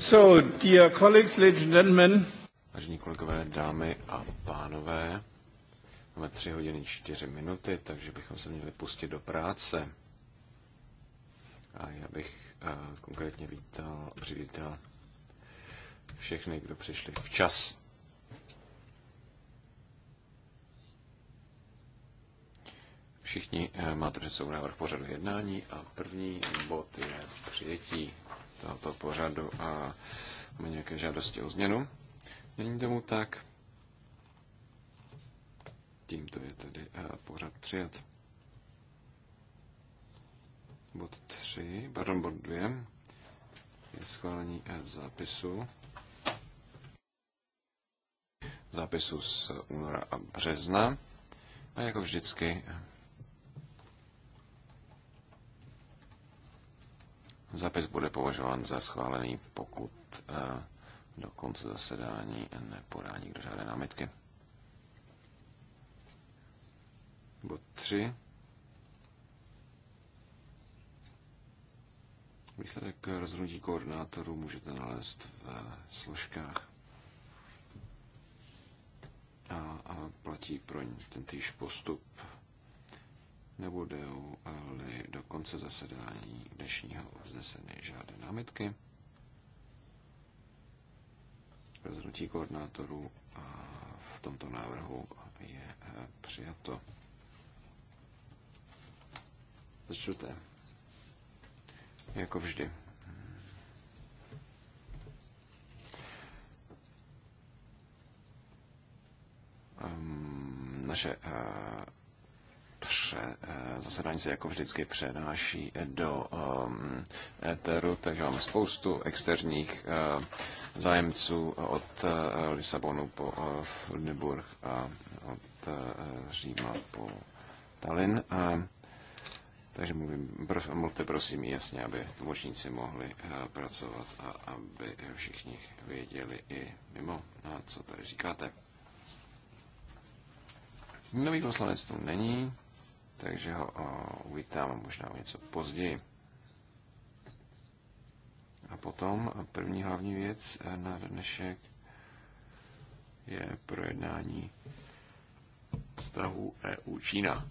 So, dear colleagues, ladies and gentlemen. Vážení kolegové, dámy a pánové, máme tři hodiny čtyři minuty, takže bychom se měli pustit do práce. A já bych eh, konkrétně vítal, přivítal všechny, kdo přišli včas. Všichni eh, máte před sebou návrh pořadu jednání a první bod je přijetí tohoto pořadu a máme nějaké žádosti o změnu. Není tomu tak. Tímto je tedy eh, pořad přijat. Bod 3, pardon, bod 2 je schválení eh, zápisu zápisu z února a března. A jako vždycky eh, Zapis bude považován za schválený, pokud eh, do konce zasedání nepodá nikdo žádné námitky. Bod 3. Výsledek rozhodnutí koordinátorů můžete nalézt v složkách a, a platí pro ten týž postup nebudou ale do konce zasedání dnešního vzneseny žádné námitky, rozhodnutí koordinátorů a v tomto návrhu je eh, přijato. Začněte. Jako vždy. Ehm, naše eh, pře, eh, zasedání se jako vždycky přenáší do um, takže máme spoustu externích uh, zájemců od uh, Lisabonu po uh, a od uh, Říma po Tallinn. Uh, takže mluvím, prv, mluvte prosím jasně, aby tlumočníci mohli uh, pracovat a aby všichni věděli i mimo, uh, co tady říkáte. Nový poslanec tu není takže ho eh, uvítám možná o něco později. A potom první hlavní věc eh, na dnešek je projednání vztahu EU-Čína.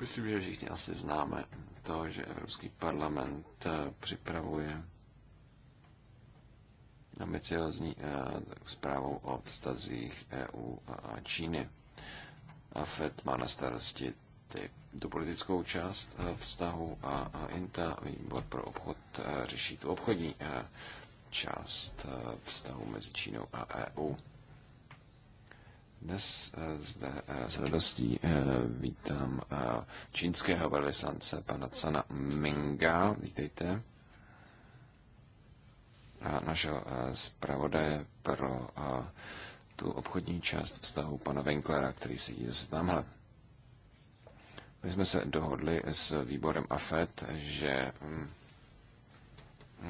Myslím, že všichni asi známe to, že Evropský parlament eh, připravuje ambiciozní zprávu o vztazích EU a Číny. FED má na starosti ty, tu politickou část eh, vztahu a, a INTA, výbor pro obchod, eh, řeší tu obchodní eh, část vztahu mezi Čínou a EU. Dnes zde s radostí vítám čínského velvyslance pana Cana Minga. Vítejte. A našeho zpravodaje pro tu obchodní část vztahu pana Winklera, který sedí zase tamhle. My jsme se dohodli s výborem AFET, že mm,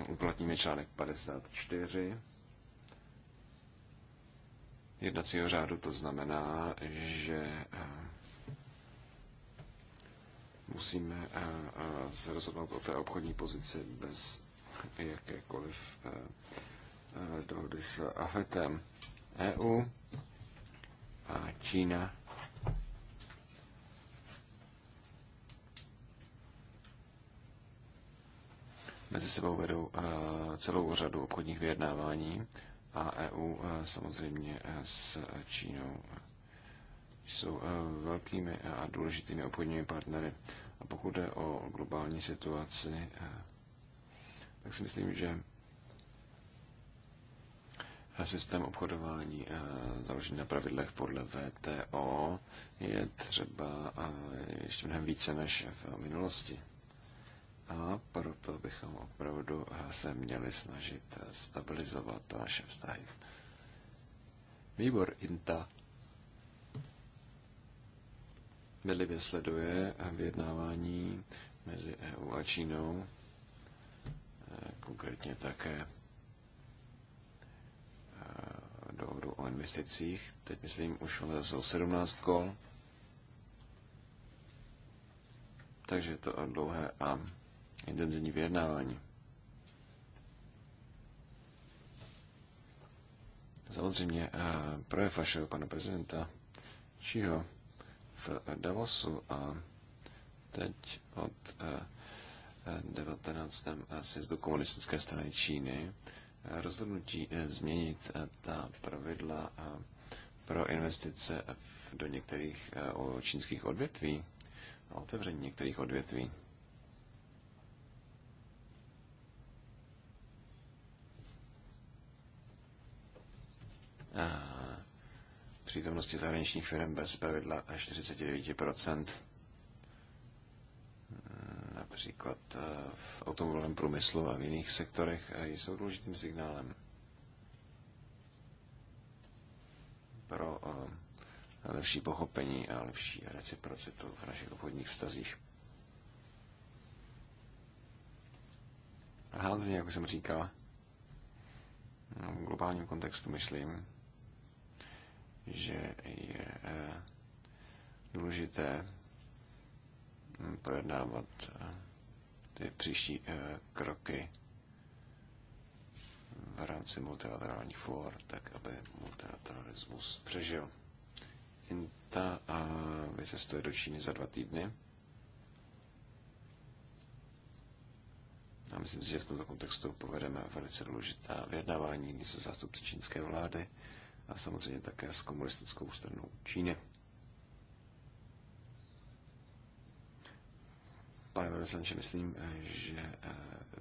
uplatníme článek 54 jednacího řádu. To znamená, že eh, musíme eh, eh, se rozhodnout o té obchodní pozici bez jakékoliv dohody s AFETem. EU a Čína mezi sebou vedou e, celou řadu obchodních vyjednávání a EU e, samozřejmě e, s Čínou jsou velkými a důležitými obchodními partnery. A pokud jde o globální situaci, tak si myslím, že systém obchodování eh, založený na pravidlech podle VTO je třeba eh, ještě mnohem více než v minulosti. A proto bychom opravdu eh, se měli snažit stabilizovat naše vztahy. Výbor INTA bedlivě sleduje vyjednávání mezi EU a Čínou, konkrétně také dohodu o investicích. Teď myslím, už o 17 kol. Takže je to dlouhé a intenzivní vyjednávání. Samozřejmě eh, projev vašeho pana prezidenta Čího v Davosu a teď od 19. Eh, eh, sjezdu komunistické strany Číny rozhodnutí eh, změnit eh, ta pravidla eh, pro investice do některých čínských odvětví otevření některých odvětví. přítomnosti zahraničních firm bez pravidla 49 například eh, v automobilovém průmyslu a v jiných sektorech, eh, jsou důležitým signálem pro eh, lepší pochopení a lepší reciprocitu v našich obchodních vztazích. Hlavně, jak jsem říkal, no, v globálním kontextu myslím, že je důležité mm, projednávat ty příští eh, kroky v rámci multilaterálních for, tak aby multilateralismus přežil. Inta a vycestuje do Číny za dva týdny. A myslím si, že v tomto kontextu povedeme velice důležitá vyjednávání se zástupci čínské vlády a samozřejmě také s komunistickou stranou Číny. Pane Velvyslanče, myslím, že eh,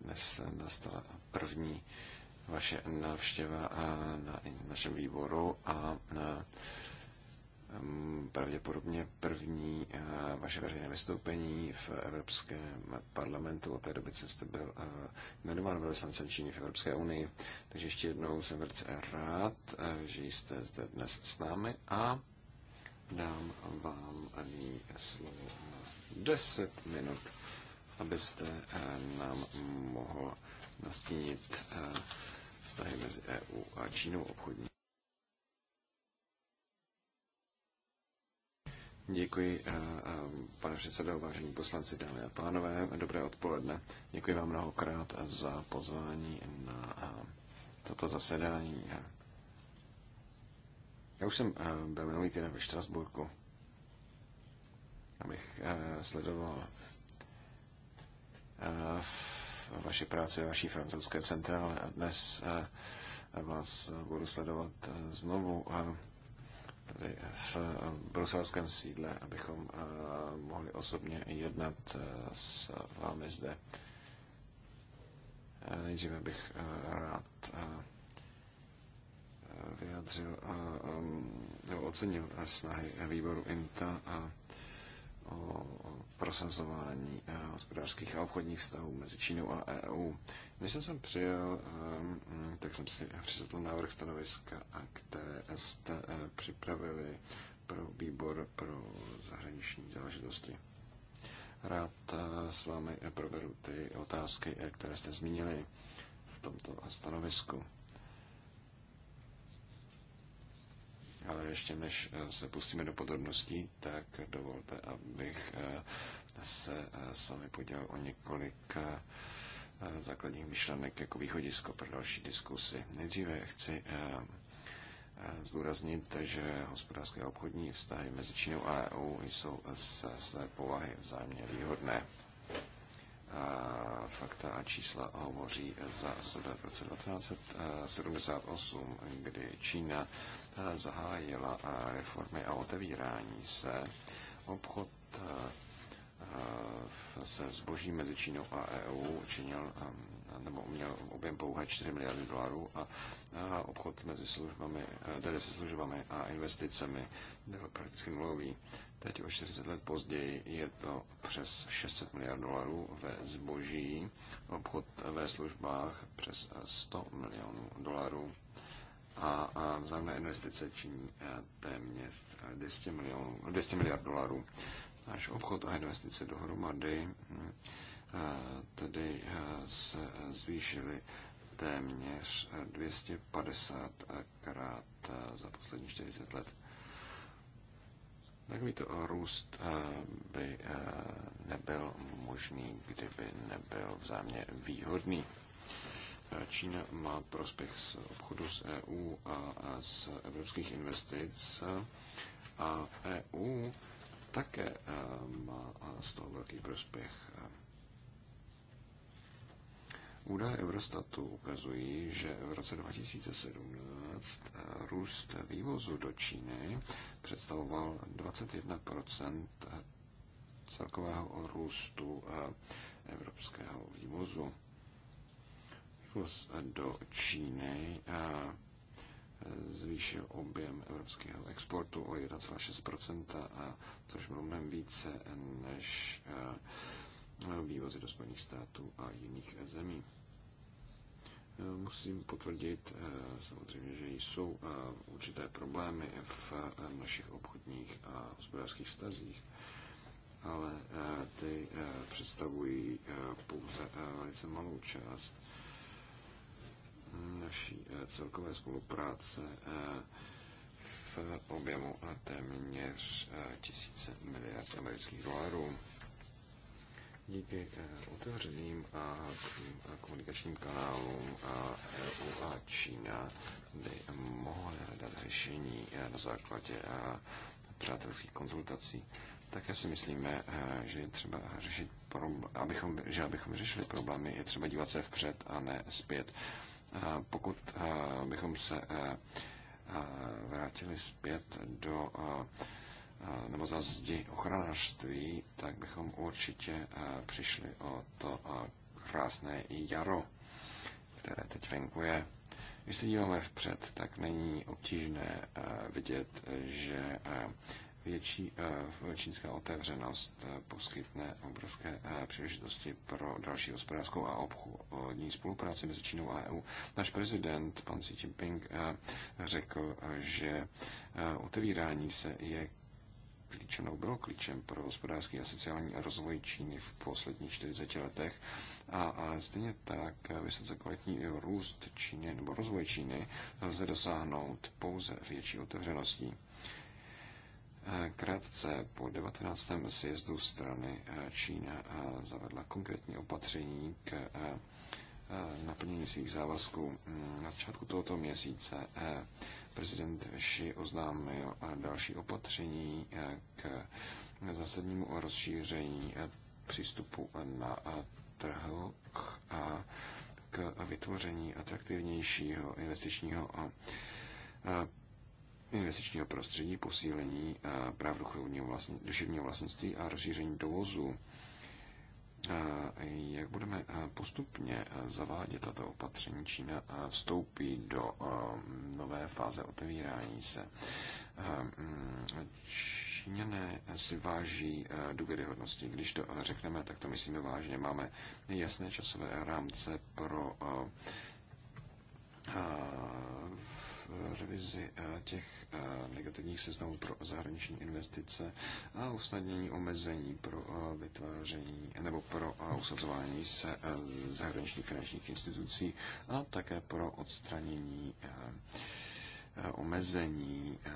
dnes nastala první vaše návštěva eh, na našem výboru a eh, mm, pravděpodobně první vaše veřejné vystoupení v Evropském parlamentu. Od té doby, co jste byl jmenován velvyslancem Číny v Evropské unii. Takže ještě jednou jsem velice rád, že jste zde dnes s námi a dám vám nyní slovo na 10 minut abyste eh, nám mohl nastínit eh, vztahy mezi EU a Čínou obchodní. Děkuji, eh, pane předsedo, vážení poslanci, dámy a pánové, dobré odpoledne. Děkuji vám mnohokrát za pozvání na toto zasedání. Já už jsem byl minulý týden ve Štrasburku, abych sledoval Eh, vaši práci, vaší francouzské centrále a dnes eh, vás budu sledovat eh, znovu v bruselském sídle, abychom mohli osobně jednat s vámi zde. Nejdříve bych rád vyjádřil nebo ocenil snahy výboru INTA a o prosazování eh, hospodářských a obchodních vztahů mezi Čínou a EU. Když jsem sem přijel, ehm, mm, tak jsem si přečetl návrh stanoviska, které jste eh, připravili pro výbor pro zahraniční záležitosti. Rád eh, s vámi proberu ty otázky, které jste zmínili v tomto stanovisku. Ale ještě než eh, se pustíme do podrobností, tak dovolte, abych eh, se eh, s vámi podělil o několik základních myšlenek jako východisko pro další diskusy. Nejdříve chci zdůraznit, že hospodářské a obchodní vztahy mezi Čínou a EU jsou ze své povahy vzájemně výhodné fakta a čísla hovoří za sebe v roce 1978, kdy Čína eh, zahájila eh, reformy a otevírání se. Obchod eh, se zboží mezi Čínou a EU činil um, nebo měl objem pouhé 4 miliardy dolarů a obchod mezi službami, eh, tedy se službami a investicemi byl prakticky nulový. Teď o 40 let později je to přes 600 miliard dolarů ve zboží, obchod ve službách přes 100 eh, milionů dolarů a, vzájemné investice činí eh, téměř 200, milionů, 200 miliard dolarů náš obchod a investice dohromady hm, tedy se zvýšily téměř 250 krát za poslední 40 let. Takovýto růst by nebyl možný, kdyby nebyl vzájemně výhodný. Čína má prospěch z obchodu s EU a z evropských investic a EU také eh, má z toho velký prospěch. Údaje Eurostatu ukazují, že v roce 2017 eh, růst vývozu do Číny představoval 21 eh, celkového růstu evropského vývozu. Vývoz do Číny zvýšil objem evropského exportu o 1,6%, což bylo mnohem více než eh, vývozy do Spojených států a jiných zemí. Eh, musím potvrdit eh, samozřejmě, že jsou určité problémy v našich obchodních a hospodářských vztazích, ale ty představují pouze velice malou část naší eh, celkové spolupráce eh, v objemu eh, téměř tisíce miliard amerických dolarů. Díky otevřeným a komunikačním kanálům a EU a Čína by mohly hledat řešení na základě přátelských konzultací také si myslíme, že je třeba řešit problém, abychom, že abychom řešili problémy, je třeba dívat se vpřed a ne zpět pokud bychom se vrátili zpět do nebo za zdi ochranářství, tak bychom určitě přišli o to krásné jaro, které teď venkuje. Když se díváme vpřed, tak není obtížné vidět, že větší eh, čínská otevřenost eh, poskytne obrovské eh, příležitosti pro další hospodářskou a obchodní spolupráci mezi Čínou a EU. Náš prezident, pan Xi Jinping, řekl, že otevírání se je klíčenou bylo klíčem pro hospodářský a sociální rozvoj Číny v posledních 40 letech. A, a stejně tak vysoce kvalitní růst Číny nebo rozvoj Číny lze dosáhnout pouze větší otevřeností. Krátce po 19. sjezdu strany eh, Čína eh, zavedla konkrétní opatření k eh, naplnění svých závazků. Mm, na začátku tohoto měsíce prezident Xi oznámil další opatření k zásadnímu rozšíření přístupu na trh a k vytvoření atraktivnějšího investičního investičního prostředí, posílení eh, práv vlastní, duševního vlastnictví a rozšíření dovozu. Eh, jak budeme eh, postupně zavádět tato opatření, Čína vstoupí do nové fáze otevírání se. Mm, Číňané si váží důvěryhodnosti. Když to řekneme, tak to myslíme vážně. Máme jasné časové rámce pro revizi eh, těch eh, negativních seznamů pro zahraniční investice a usnadnění omezení pro eh, vytváření nebo pro usazování se zahraničních finančních institucí a také pro odstranění Eh, omezení eh,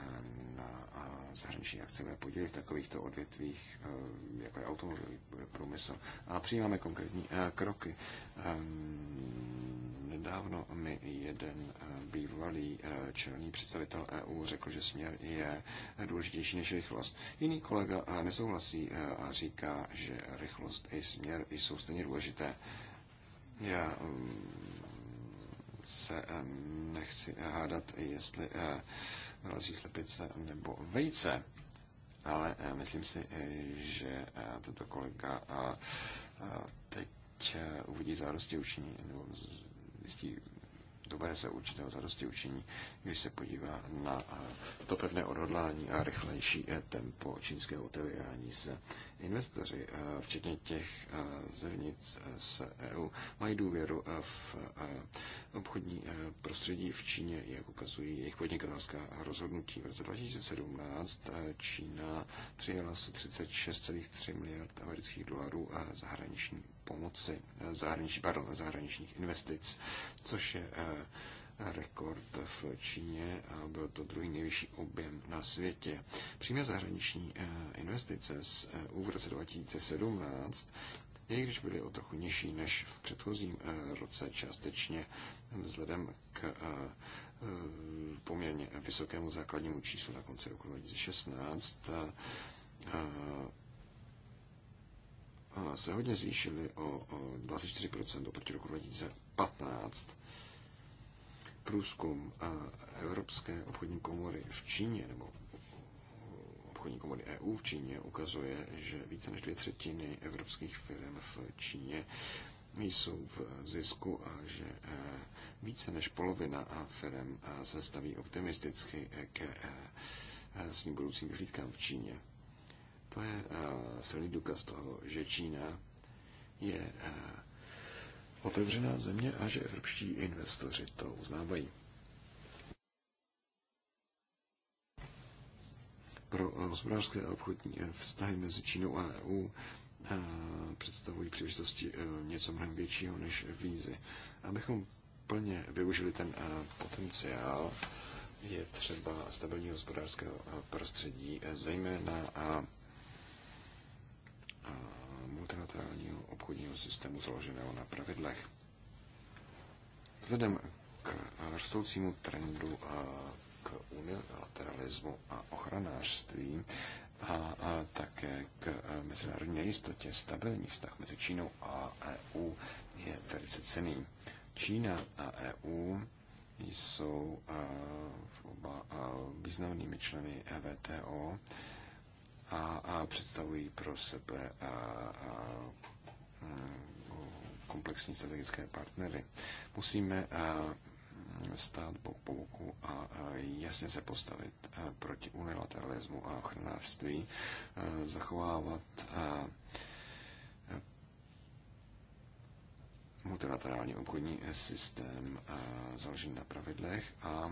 na zahraniční akciové podíly v takovýchto odvětvích, eh, jako je automobilový průmysl. A přijímáme konkrétní kroky. Ehm, nedávno mi jeden bývalý čelný představitel EU řekl, že směr je důležitější než rychlost. Jiný kolega nesouhlasí a říká, že rychlost i směr jsou stejně důležité. Já mm, se eh, nechci hádat, jestli eh, vyrazí slepice nebo vejce, ale eh, myslím si, že tento kolega teď uvidí zárosti učení, nebo zjistí dobré se určitého zárosti učiní, když se podívá na to pevné odhodlání a rychlejší tempo čínského otevírání se Investoři, eh, včetně těch eh, zevnic eh, z EU, mají důvěru v obchodní prostředí v Číně, jak ukazují jejich podnikatelská rozhodnutí. V roce 2017 Čína přijala 36,3 miliard amerických dolarů a zahraniční pomoci, zahraniční, pardon, zahraničních investic, což je rekord v Číně a byl to druhý nejvyšší objem na světě. Přímé zahraniční eh, investice z EU v roce 2017 i když byly o trochu nižší než v předchozím eh, roce, částečně vzhledem k eh, poměrně vysokému základnímu číslu na konci roku 2016, se hodně zvýšily o 24% oproti roku 2015 průzkum Evropské obchodní komory v Číně nebo obchodní komory EU v Číně ukazuje, že více než dvě třetiny evropských firm v Číně jsou v zisku a že eh, více než polovina firm eh, se staví optimisticky eh, k svým budoucím vyhlídkám v Číně. To je silný důkaz toho, že Čína je otevřená země a že evropští investoři to uznávají. Pro hospodářské a obchodní vztahy mezi Čínou a EU eh, představují příležitosti eh, něco mnohem většího než vízy. Abychom plně využili ten eh, potenciál, je třeba stabilního hospodářského prostředí, zejména a, a multilaterálního obchodního systému založeného na pravidlech. Vzhledem k rostoucímu trendu a k unilateralismu a ochranářství a, a také k mezinárodní nejistotě stabilní vztah mezi Čínou a EU je velice cený. Čína a EU jsou oba významnými členy EVTO a, a představují pro sebe a, a, mm, komplexní strategické partnery. Musíme stát po boku a jasně se postavit proti unilateralismu a ochranářství, zachovávat multilaterální obchodní systém založený na pravidlech a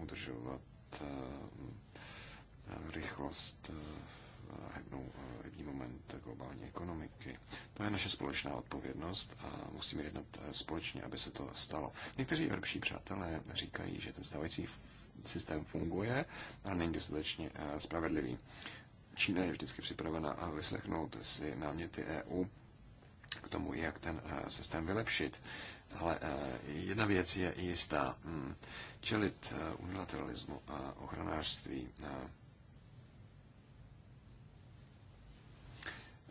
udržovat rychlost v hebnou eh, jedný moment globální ekonomiky. To je naše společná odpovědnost a musíme jednat eh, společně, aby se to stalo. Někteří evropští přátelé říkají, že ten stávající systém funguje, ale není dostatečně eh, spravedlivý. Čína je vždycky připravena vyslechnout si náměty EU k tomu, jak ten systém vylepšit. Ale jedna věc je jistá. Hmm. Čelit unilateralismu a ochranářství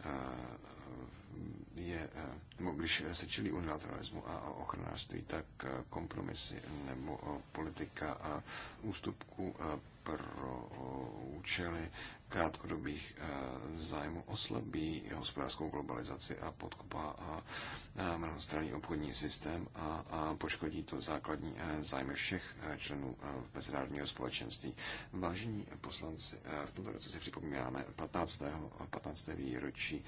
Eh, je, eh, nebo když se čelí unilateralismu a ochranářství, tak eh, kompromisy nebo politika a ústupku pro účely krátkodobých eh, zájmů oslabí hospodářskou globalizaci a podkopá eh, mnohostranný obchodní systém a poškodí to základní eh, zájmy všech členů v mezinárodního společenství. Vážení poslanci, v tomto roce si připomínáme 15. 15. výročí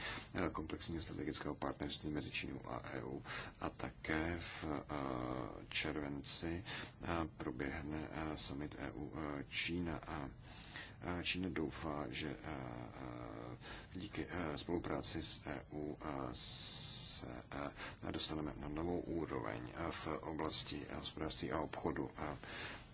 komplexního strategického partnerství mezi Čínou a EU a také v červenci proběhne summit EU Čína Čína a Čína doufá, že díky spolupráci s EU se dostaneme na novou úroveň v oblasti hospodářství a obchodu.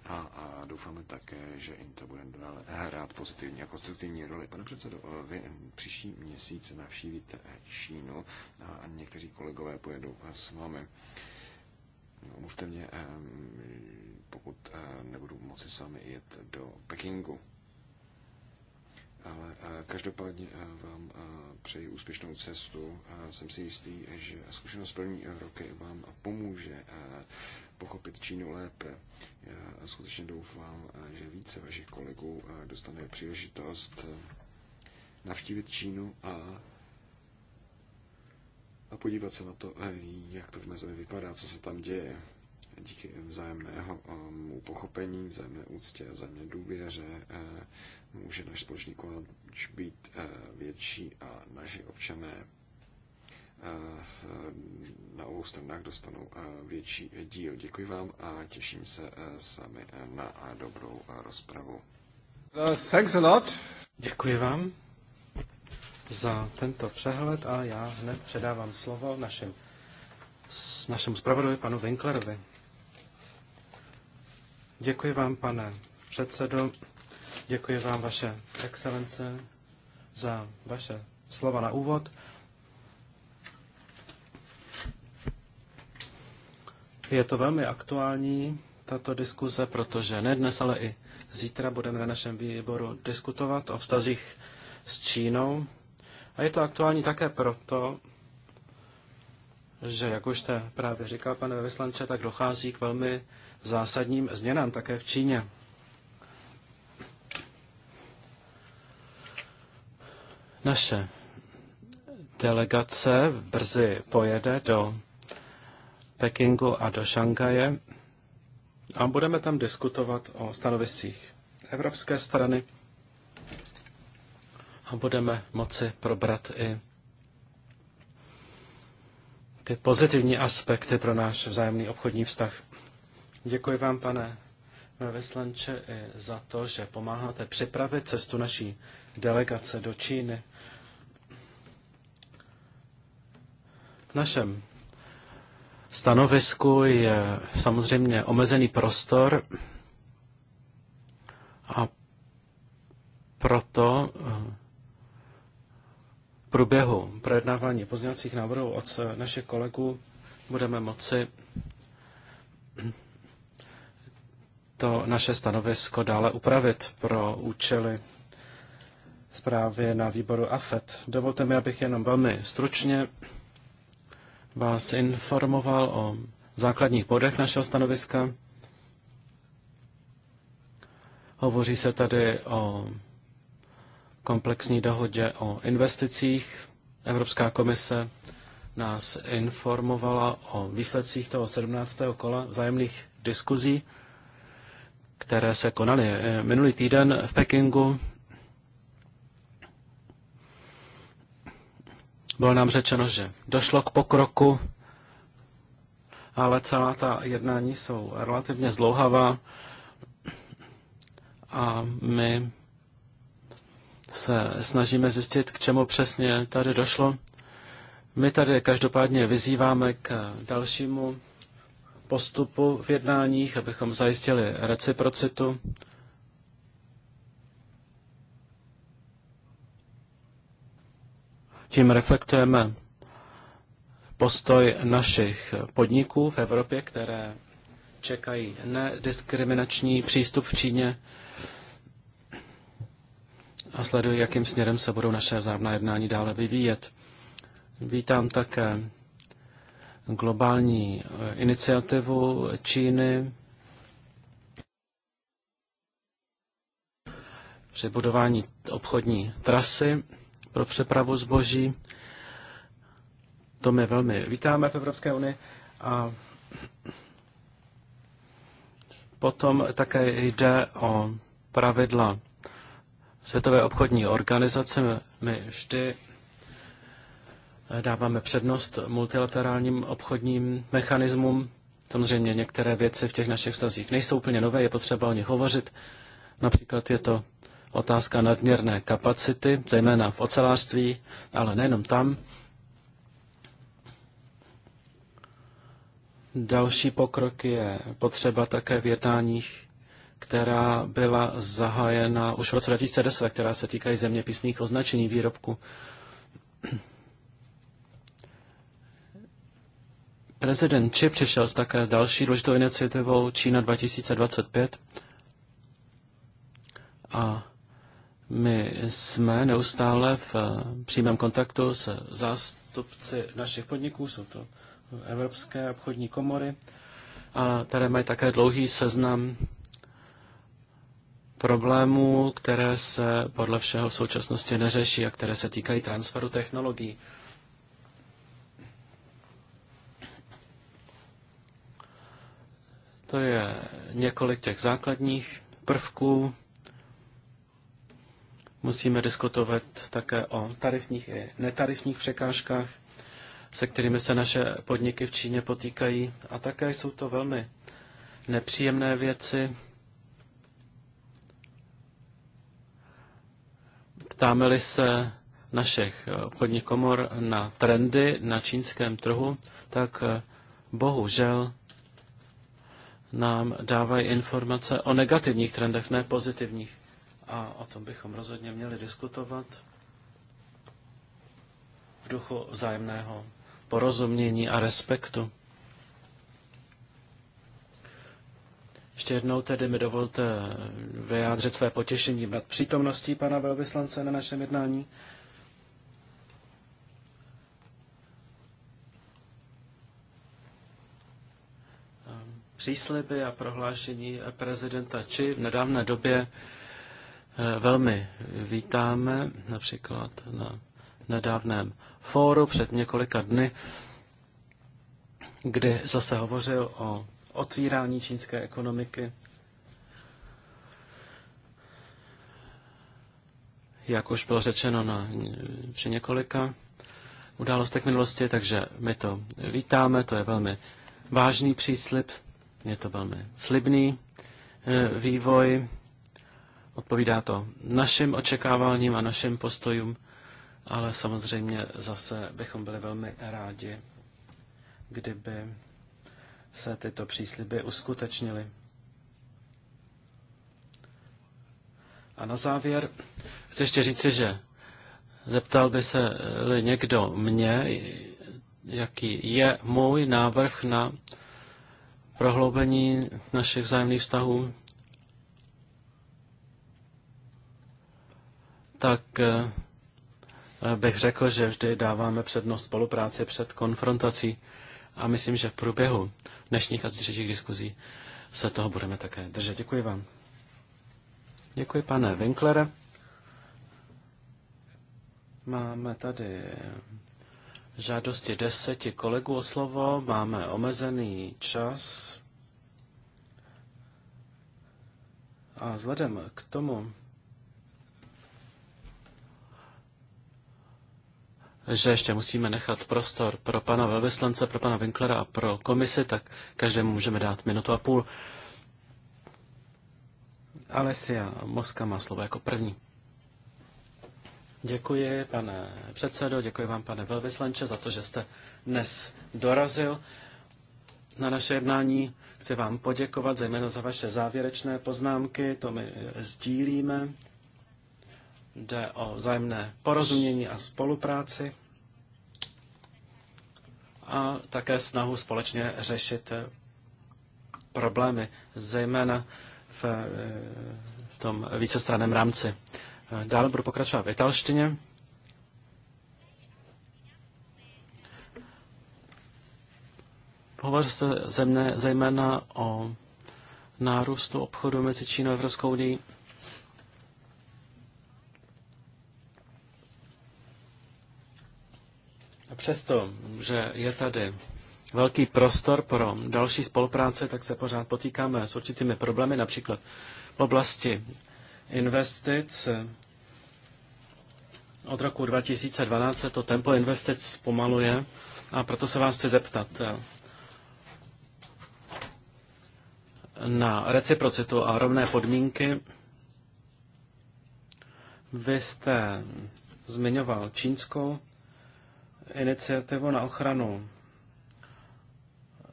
A, a doufáme také, že INTA bude dále hrát pozitivní a konstruktivní roli. Pane předsedo, vy příští měsíc navštívíte Čínu a někteří kolegové pojedou s vámi. Uh, No, omluvte mě, pokud nebudu moci s vámi jet do Pekingu. Ale eh, každopádně eh, vám eh, přeji úspěšnou cestu. Jsem si jistý, že zkušenost první roky vám pomůže pochopit Čínu lépe. Já skutečně doufám, že více vašich kolegů dostane příležitost navštívit Čínu a a podívat se na to, eh, jak to v mezi vypadá, co se tam děje. Díky vzájemného eh, pochopení, vzájemné úctě, vzájemné důvěře eh, může náš společný konač být větší a naši občané na obou stranách dostanou větší díl. Děkuji vám a těším se s vámi na dobrou rozpravu. Uh, thanks a lot. Děkuji vám za tento přehled a já hned předávám slovo našem, našemu zpravodovi, panu Winklerovi. Děkuji vám, pane předsedo, děkuji vám, vaše excelence, za vaše slova na úvod. Je to velmi aktuální, tato diskuze, protože ne dnes, ale i zítra budeme na našem výboru diskutovat o vztazích s Čínou. A je to aktuální také proto, že, jak už jste právě říkal, pane vyslanče, tak dochází k velmi zásadním změnám také v Číně. Naše delegace brzy pojede do Pekingu a do Šangaje a budeme tam diskutovat o stanoviscích evropské strany budeme moci probrat i ty pozitivní aspekty pro náš vzájemný obchodní vztah. Děkuji vám, pane vyslanče, i za to, že pomáháte připravit cestu naší delegace do Číny. V našem stanovisku je samozřejmě omezený prostor a proto eh, průběhu projednávání pozměňovacích návrhů od našich kolegů budeme moci to naše stanovisko dále upravit pro účely zprávy na výboru AFET. Dovolte mi, abych jenom velmi stručně vás informoval o základních bodech našeho stanoviska. Hovoří se tady o komplexní dohodě o investicích. Evropská komise nás informovala o výsledcích toho 17. kola vzájemných diskuzí, které se konaly eh, minulý týden v Pekingu. Bylo nám řečeno, že došlo k pokroku, ale celá ta jednání jsou relativně zlouhavá a my se snažíme zjistit, k čemu přesně tady došlo. My tady každopádně vyzýváme k dalšímu postupu v jednáních, abychom zajistili reciprocitu. Tím reflektujeme postoj našich podniků v Evropě, které čekají nediskriminační přístup v Číně a sleduji, jakým směrem se budou naše vzájemná jednání dále vyvíjet. Vítám také globální eh, iniciativu Číny při budování obchodní trasy pro přepravu zboží. To my velmi vítáme v Evropské unii. A potom také jde o pravidla Světové obchodní organizace my vždy eh, dáváme přednost multilaterálním obchodním mechanismům. Samozřejmě některé věci v těch našich vztazích nejsou úplně nové, je potřeba o nich hovořit. Například je to otázka nadměrné kapacity, zejména v ocelářství, ale nejenom tam. Další pokrok je potřeba také v jednáních která byla zahájena už v roce 2010, která se týkají zeměpisných označení výrobku. Prezident Či přišel s také s další důležitou iniciativou Čína 2025 a my jsme neustále v eh, přímém kontaktu s zástupci našich podniků, jsou to Evropské obchodní komory, a které mají také dlouhý seznam problémů, které se podle všeho v současnosti neřeší a které se týkají transferu technologií. To je několik těch základních prvků. Musíme diskutovat také o tarifních i netarifních překážkách, se kterými se naše podniky v Číně potýkají. A také jsou to velmi nepříjemné věci, Ptáme-li se našich eh, obchodních komor na trendy na čínském trhu, tak eh, bohužel nám dávají informace o negativních trendech, ne pozitivních. A o tom bychom rozhodně měli diskutovat v duchu vzájemného porozumění a respektu. Ještě jednou tedy mi dovolte vyjádřit své potěšení nad přítomností pana velvyslance na našem jednání. Přísliby a prohlášení prezidenta či v nedávné době eh, velmi vítáme, například na nedávném fóru před několika dny, kdy zase hovořil o otvírání čínské ekonomiky. Jak už bylo řečeno na, při několika událostech minulosti, takže my to vítáme, to je velmi vážný příslip, je to velmi slibný eh, vývoj, odpovídá to našim očekáváním a našim postojům, ale samozřejmě zase bychom byli velmi rádi, kdyby se tyto přísliby uskutečnily. A na závěr chci ještě říci, že zeptal by se -li někdo mě, jaký je můj návrh na prohloubení našich vzájemných vztahů, tak eh, bych řekl, že vždy dáváme přednost spolupráci před konfrontací a myslím, že v průběhu dnešních a zřejších diskuzí se toho budeme také držet. Děkuji vám. Děkuji, pane Winklere. Máme tady žádosti deseti kolegů o slovo, máme omezený čas. A vzhledem k tomu, že ještě musíme nechat prostor pro pana velvyslance, pro pana Winklera a pro komisi, tak každému můžeme dát minutu a půl. Alessia Moska má slovo jako první. Děkuji, pane předsedo, děkuji vám, pane velvyslanče, za to, že jste dnes dorazil na naše jednání. Chci vám poděkovat, zejména za vaše závěrečné poznámky, to my sdílíme. Jde o vzájemné porozumění a spolupráci a také snahu společně řešit eh, problémy, zejména v, eh, v tom vícestranném rámci. Eh, dále budu pokračovat v italštině. Hovoří se ze mne zejména o nárůstu obchodu mezi Čínou a Evropskou unii. přesto, že je tady velký prostor pro další spolupráce, tak se pořád potýkáme s určitými problémy, například v oblasti investic. Od roku 2012 se to tempo investic zpomaluje a proto se vás chci zeptat eh, na reciprocitu a rovné podmínky. Vy jste zmiňoval čínskou iniciativu na ochranu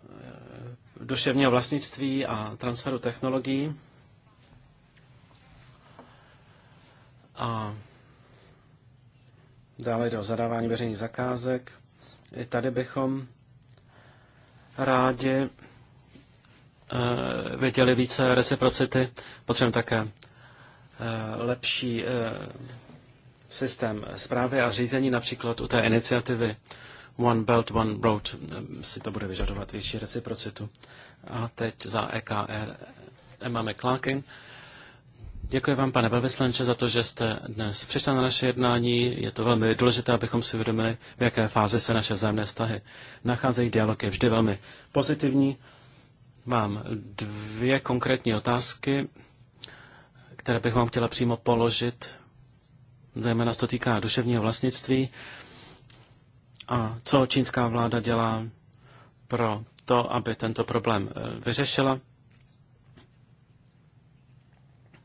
eh, duševního vlastnictví a transferu technologií. A dále jde o zadávání veřejných zakázek. I tady bychom rádi eh, viděli více reciprocity. Potřebujeme také eh, lepší systém zprávy a řízení, například u té iniciativy One Belt, One Road, eh, si to bude vyžadovat větší reciprocitu. A teď za EKR Emma McClarkin. Děkuji vám, pane velvyslanče, za to, že jste dnes přišla na naše jednání. Je to velmi důležité, abychom si uvědomili, v jaké fázi se naše vzájemné vztahy nacházejí. Dialog je vždy velmi pozitivní. Mám dvě konkrétní otázky, které bych vám chtěla přímo položit zejména se to týká duševního vlastnictví. A co čínská vláda dělá pro to, aby tento problém eh, vyřešila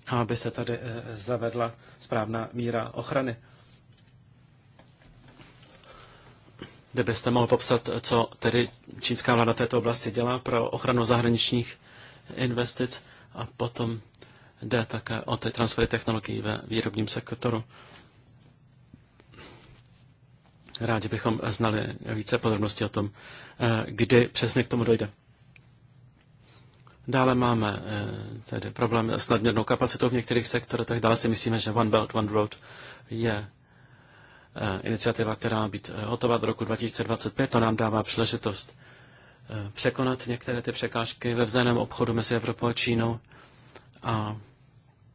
a aby se tady eh, zavedla správná míra ochrany. Kdybyste mohl popsat, co tedy čínská vláda této oblasti dělá pro ochranu zahraničních investic a potom jde také o ty transfery technologií ve výrobním sektoru. Rádi bychom znali více podrobností o tom, eh, kdy přesně k tomu dojde. Dále máme eh, tedy problém s nadměrnou kapacitou v některých sektorech, tak dále si myslíme, že One Belt, One Road je eh, iniciativa, která má být hotová do roku 2025. To nám dává příležitost překonat některé ty překážky ve vzájemném obchodu mezi Evropou a Čínou a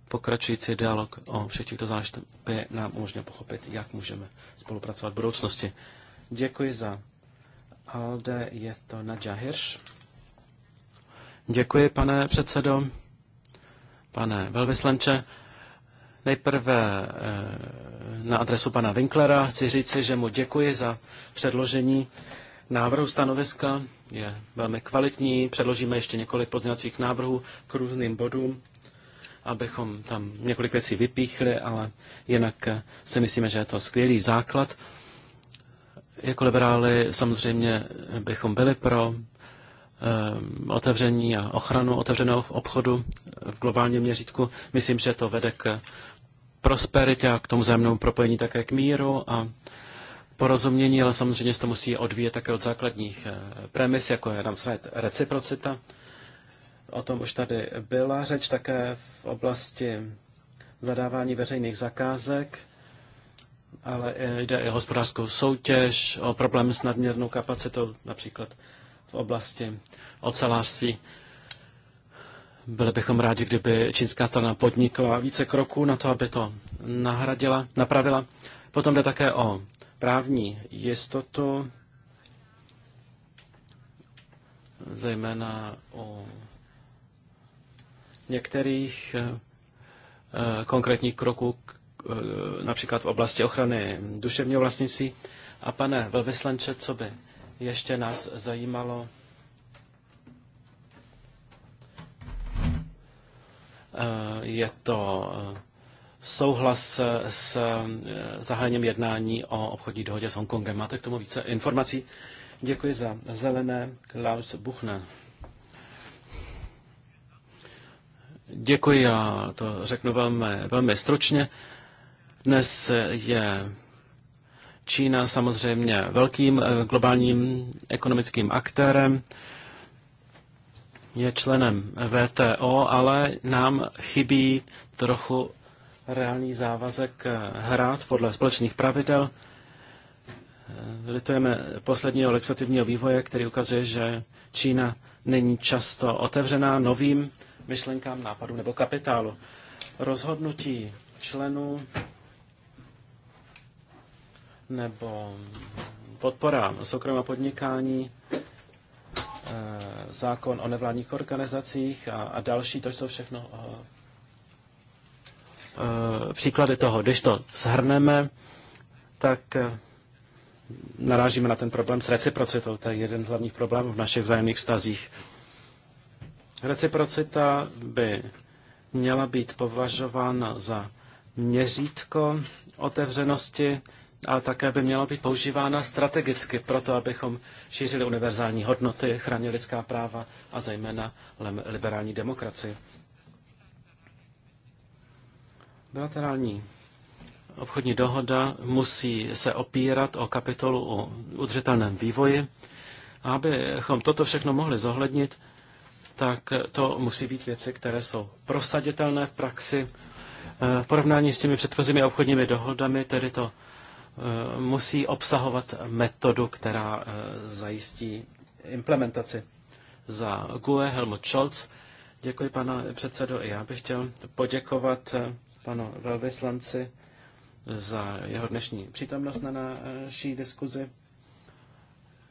pokračující dialog o všech těchto záležitostech by nám umožnil pochopit, jak můžeme spolupracovat v budoucnosti. Děkuji za Alde, je to Nadja Hirsch. Děkuji, pane předsedo, pane velvyslanče. Nejprve eh, na adresu pana Winklera chci říci, že mu děkuji za předložení návrhu stanoviska. Je velmi kvalitní. Předložíme ještě několik pozměňovacích návrhů k různým bodům abychom tam několik věcí vypíchli, ale jinak eh, si myslíme, že je to skvělý základ. Jako liberáli samozřejmě bychom byli pro eh, otevření a ochranu otevřeného obchodu v globálním měřítku. Myslím, že to vede k prosperitě a k tomu zájemnému propojení také k míru a porozumění, ale samozřejmě se to musí odvíjet také od základních eh, premis, jako je tam reciprocita. O tom už tady byla řeč také v oblasti zadávání veřejných zakázek, ale jde i o hospodářskou soutěž, o problémy s nadměrnou kapacitou, například v oblasti ocelářství. Byli bychom rádi, kdyby čínská strana podnikla více kroků na to, aby to nahradila, napravila. Potom jde také o právní jistotu, zejména o některých eh, eh, konkrétních kroků, eh, například v oblasti ochrany duševního vlastnictví. A pane velvyslanče, co by ještě nás zajímalo? Je to souhlas s zahájením jednání o obchodní dohodě s Hongkongem. Máte k tomu více informací? Děkuji za zelené. Klaus Buchner. Děkuji, já to řeknu velmi, velmi stručně. Dnes je Čína samozřejmě velkým eh, globálním ekonomickým aktérem, je členem VTO, ale nám chybí trochu reálný závazek eh, hrát podle společných pravidel. Eh, litujeme posledního legislativního vývoje, který ukazuje, že Čína není často otevřená novým myšlenkám, nápadu nebo kapitálu. Rozhodnutí členů nebo podpora soukromého podnikání, eh, zákon o nevládních organizacích a, a další, to jsou všechno eh, eh, příklady toho. Když to shrneme, tak narážíme na ten problém s reciprocitou. To je jeden z hlavních problémů v našich vzájemných vztazích. Reciprocita by měla být považována za měřítko otevřenosti, ale také by měla být používána strategicky proto, abychom šířili univerzální hodnoty, chránili lidská práva a zejména liberální demokracii. Bilaterální obchodní dohoda musí se opírat o kapitolu o udržitelném vývoji. A abychom toto všechno mohli zohlednit, tak to musí být věci, které jsou prosaditelné v praxi. V eh, porovnání s těmi předchozími obchodními dohodami, tedy to eh, musí obsahovat metodu, která eh, zajistí implementaci. Za GUE Helmut Scholz. Děkuji, pana předsedo. Já bych chtěl poděkovat panu velvyslanci za jeho dnešní přítomnost na naší diskuzi.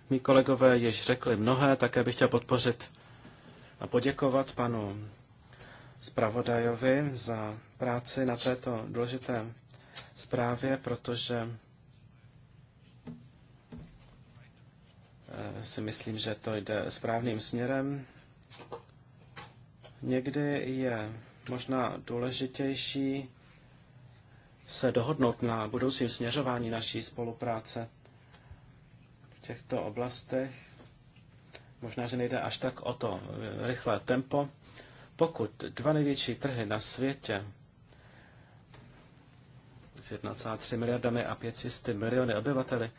Mí kolegové již řekli mnohé, také bych chtěl podpořit a poděkovat panu zpravodajovi za práci na této důležité zprávě, protože eh, si myslím, že to jde správným směrem. Někdy je možná důležitější se dohodnout na budoucím směřování naší spolupráce v těchto oblastech Možná, že nejde až tak o to e, rychlé tempo. Pokud dva největší trhy na světě s 1,3 miliardami a 500 miliony obyvateli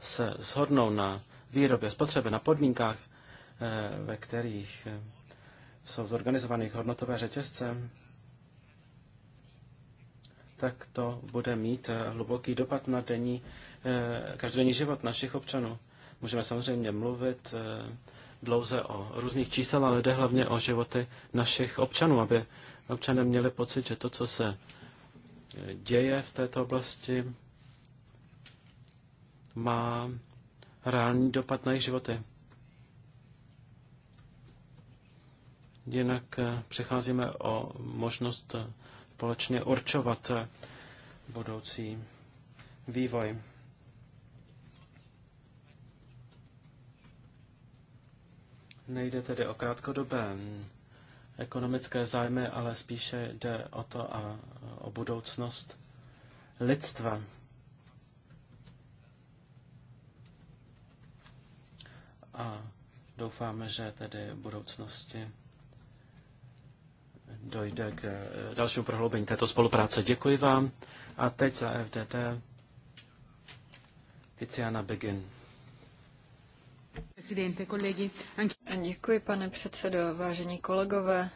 se shodnou na výrobě spotřeby, na podmínkách, e, ve kterých e, jsou zorganizované hodnotové řetězce, tak to bude mít hluboký dopad na denní, každodenní život našich občanů. Můžeme samozřejmě mluvit dlouze o různých čísel, ale jde hlavně o životy našich občanů, aby občané měli pocit, že to, co se eh, děje v této oblasti, má reálný dopad na jejich životy. Jinak eh, přecházíme o možnost eh, společně určovat budoucí vývoj. Nejde tedy o krátkodobé ekonomické zájmy, ale spíše jde o to a o budoucnost lidstva. A doufáme, že tedy v budoucnosti dojde k dalšímu prohloubení této spolupráce. Děkuji vám. A teď za FDT Tiziana Begin. Presidente, colleghi, anche... Děkuji, pane předsedo, vážení kolegové.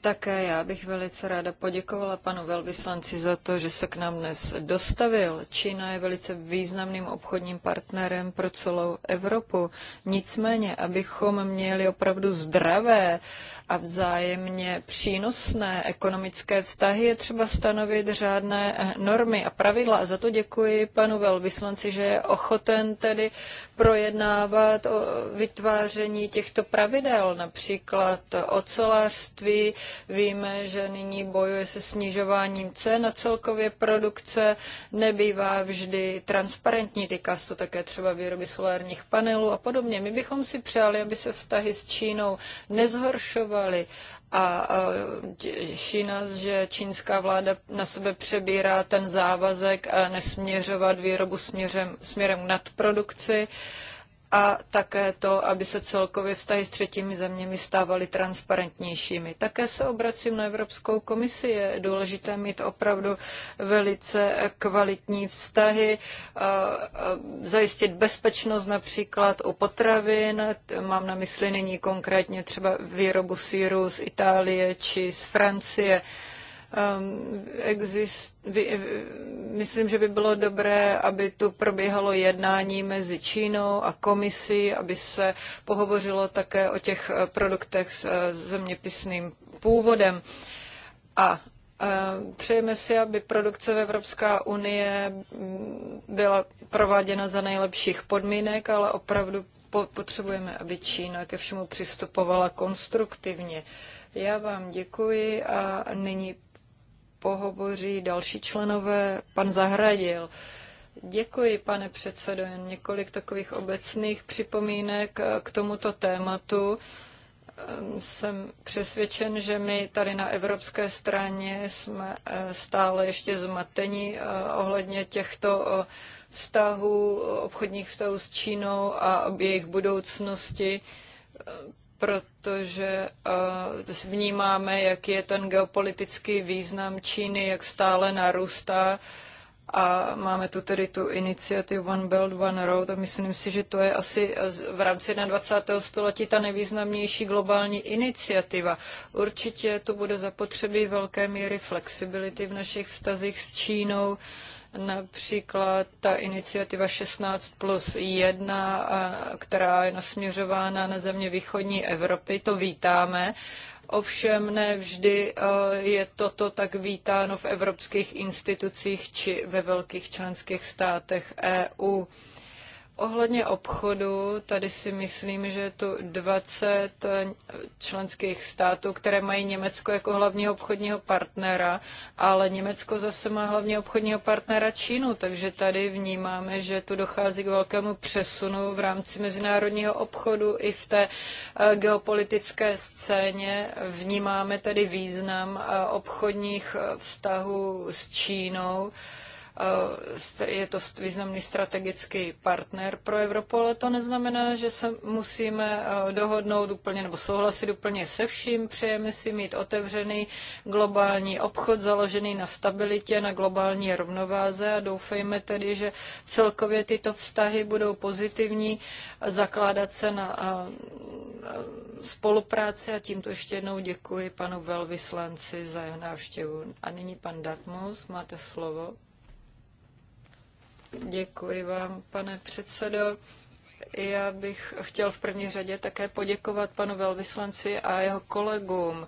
Také já bych velice ráda poděkovala panu velvyslanci za to, že se k nám dnes dostavil. Čína je velice významným obchodním partnerem pro celou Evropu. Nicméně, abychom měli opravdu zdravé a vzájemně přínosné ekonomické vztahy, je třeba stanovit řádné eh, normy a pravidla. A za to děkuji panu velvyslanci, že je ochoten tedy projednávat o vytváření těchto pravidel, například ocelářství, Víme, že nyní bojuje se snižováním cen a celkově produkce nebývá vždy transparentní. Týká se to také třeba výroby solárních panelů a podobně. My bychom si přáli, aby se vztahy s Čínou nezhoršovaly a těší nás, že čínská vláda na sebe přebírá ten závazek a nesměřovat výrobu směřem, směrem k nadprodukci a také to, aby se celkově vztahy s třetími zeměmi stávaly transparentnějšími. Také se obracím na Evropskou komisi. Je důležité mít opravdu velice kvalitní vztahy, zajistit bezpečnost například u potravin. Mám na mysli nyní konkrétně třeba výrobu síru z Itálie či z Francie. Ehm, exist, vy, eh, myslím, že by bylo dobré, aby tu probíhalo jednání mezi Čínou a komisí, aby se pohovořilo také o těch eh, produktech s eh, zeměpisným původem. A ehm, Přejeme si, aby produkce v Evropská unie byla prováděna za nejlepších podmínek, ale opravdu potřebujeme, aby Čína ke všemu přistupovala konstruktivně. Já vám děkuji a nyní pohovoří další členové, pan Zahradil. Děkuji, pane předsedo. Jen několik takových obecných připomínek k tomuto tématu. Jsem přesvědčen, že my tady na evropské straně jsme eh, stále ještě zmateni eh, ohledně těchto eh, vztahů, obchodních vztahů s Čínou a jejich budoucnosti protože uh, vnímáme, jaký je ten geopolitický význam Číny, jak stále narůstá. A máme tu tedy tu iniciativu One Belt, One Road a myslím si, že to je asi eh, v rámci 21. století ta nejvýznamnější globální iniciativa. Určitě to bude zapotřebí velké míry flexibility v našich vztazích s Čínou. Uh, Například ta iniciativa 16 plus 1, která je nasměřována na země východní Evropy, to vítáme. Ovšem ne vždy e, je toto tak vítáno v evropských institucích či ve velkých členských státech EU. Ohledně obchodu, tady si myslím, že je tu 20 eh, členských států, které mají Německo jako hlavního obchodního partnera, ale Německo zase má hlavně obchodního partnera Čínu, takže tady vnímáme, že tu dochází k velkému přesunu v rámci mezinárodního obchodu i v té eh, geopolitické scéně. Vnímáme tady význam eh, obchodních vztahů s Čínou. Eh, je to významný strategický partner pro Evropu, ale to neznamená, že se musíme eh, dohodnout úplně nebo souhlasit úplně se vším. Přejeme si mít otevřený globální obchod založený na stabilitě, na globální rovnováze a doufejme tedy, že celkově tyto vztahy budou pozitivní, zakládat se na eh, spolupráci a tímto ještě jednou děkuji panu velvyslanci za jeho návštěvu. A nyní pan Dartmouth, máte slovo. Děkuji vám, pane předsedo. Já bych chtěl v první řadě také poděkovat panu velvyslanci a jeho kolegům.